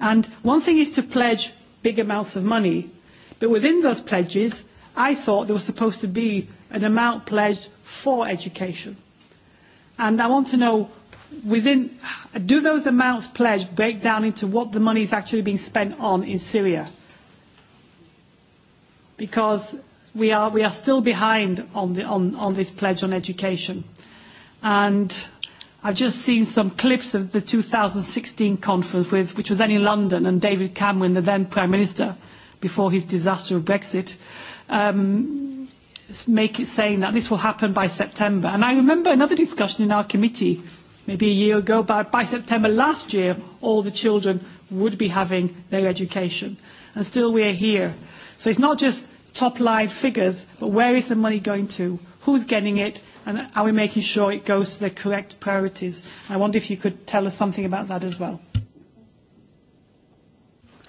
And one thing is to pledge big amounts of money, but within those pledges, I thought there was supposed to be an amount pledged for education. And I want to know within do those amounts pledged break down into what the money is actually being spent on in Syria? Because we are we are still behind on the on on this pledge on education. And I've just seen some clips of the 2016 conference, with, which was then in London, and David Cameron, the then Prime Minister, before his disaster of Brexit, um, make it saying that this will happen by September. And I remember another discussion in our committee maybe a year ago, but by September last year, all the children would be having their education. And still we are here. So it's not just top line figures, but where is the money going to? Who's getting it? And are we making sure it goes to the correct priorities? I wonder if you could tell us something about that as well.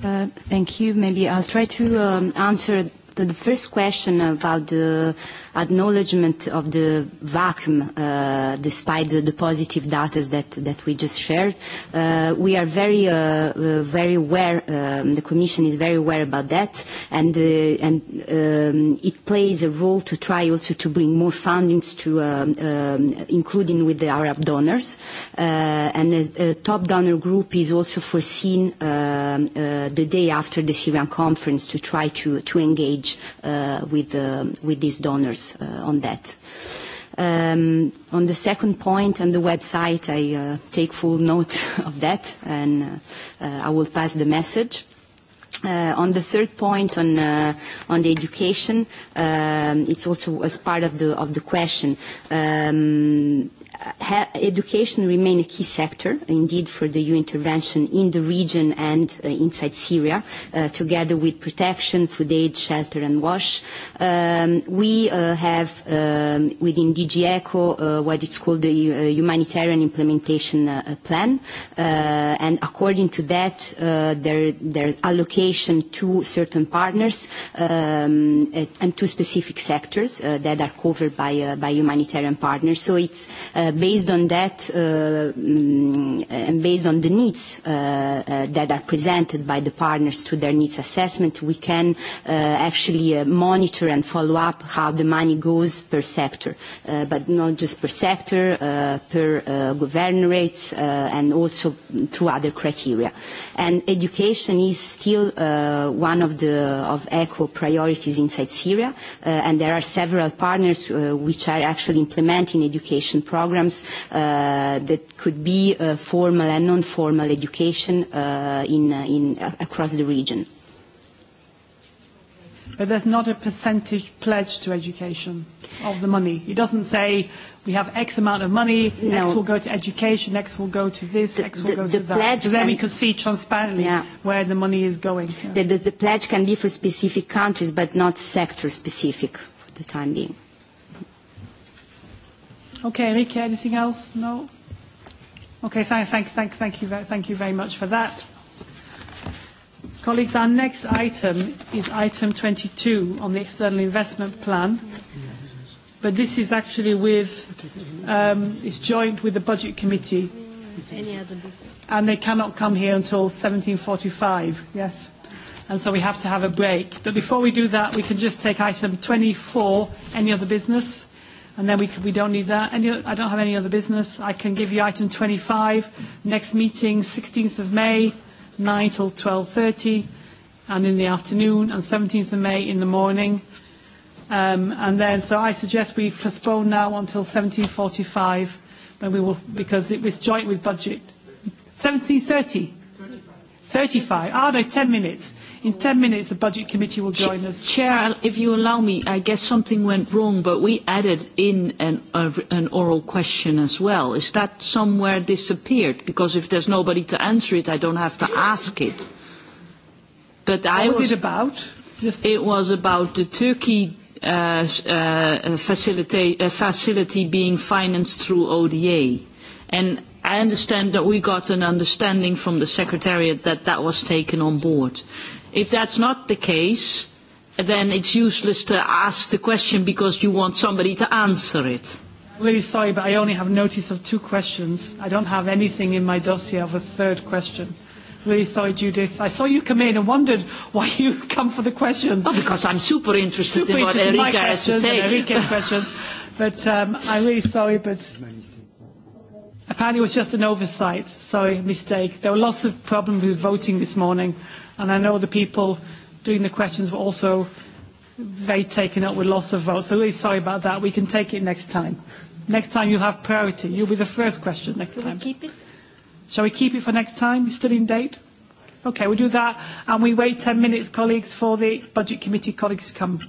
Uh, thank you. Maybe I'll try to um, answer the, the first question about the acknowledgement of the vacuum, uh, despite the, the positive data that, that we just shared. Uh, we are very, uh, uh, very aware, um, the Commission is very aware about that, and, uh, and um, it plays a role to try also to bring more fundings to, um, um, including with the Arab donors. Uh, and a, top donor group is also foreseen uh, the day after the Syrian conference to try to, to engage uh, with, uh, with these donors uh, on that. Um, on the second point, on the website, I uh, take full note of that, and uh, I will pass the message. Uh, on the third point on uh, on the education, um, it's also as part of the of the question. Um, education remain a key sector, indeed, for the EU intervention in the region and uh, inside Syria, uh, together with protection, food aid, shelter and wash. Um, we uh, have um, within DG ECHO uh, what it's called the uh, humanitarian implementation uh, plan, uh, and according to that, uh, their, their allocation to certain partners um, and to specific sectors uh, that are covered by, uh, by humanitarian partners. So it's uh, based on that and based on the needs that are presented by the partners to their needs assessment, we can actually monitor and follow up how the money goes per sector, but not just per sector, per governorates, and also through other criteria. And education is still one of the of ECHO priorities inside Syria, and there are several partners which are actually implementing education programs programs uh, that could be uh, formal and non-formal education uh, in, uh, in, uh, across the region. But there's not a percentage pledge to education of the money. It doesn't say we have X amount of money, no. X will go to education, X will go to this, the, X will the, go the to that. So then we could see transparently yeah. where the money is going. Yeah. The, the, the pledge can be for specific countries, but not sector specific for the time being. Okay, Enrique, anything else? No? Okay, thank, thank, thank, thank, you, thank you very much for that. Colleagues, our next item is item 22 on the external investment plan. But this is actually with, um, it's joint with the budget committee. And they cannot come here until 1745, yes. And so we have to have a break. But before we do that, we can just take item 24, any other business? and then we, we don't need that. Any, I don't have any other business. I can give you item 25, next meeting, 16th of May, 9 till 12.30, and in the afternoon, and 17th of May in the morning. Um, and then, so I suggest we postpone now until 17.45, when we will, because it was joint with budget. 17.30? 35. Ah, no, 10 minutes. In 10 minutes, the Budget Committee will join Ch us. Chair, if you allow me, I guess something went wrong, but we added in an, uh, an oral question as well. Is that somewhere disappeared? Because if there's nobody to answer it, I don't have to ask it. But what I was, was it about? Just it was about the Turkey uh, uh, facility, uh, facility being financed through ODA. And I understand that we got an understanding from the Secretariat that that was taken on board. If that's not the case, then it's useless to ask the question because you want somebody to answer it. I'm really sorry, but I only have notice of two questions. I don't have anything in my dossier of a third question. Really sorry, Judith. I saw you come in and wondered why you come for the questions. Oh, because I'm super interested super in what interested Erika has to say. Erika's questions. But um, I'm really sorry, but apparently it was just an oversight. Sorry, mistake. There were lots of problems with voting this morning And I know the people doing the questions were also very taken up with loss of votes. So really sorry about that. We can take it next time. Next time you'll have priority. You'll be the first question next time. Shall we keep it? Shall we keep it for next time? Still in date? Okay, we'll do that. And we wait 10 minutes, colleagues, for the Budget Committee colleagues to come.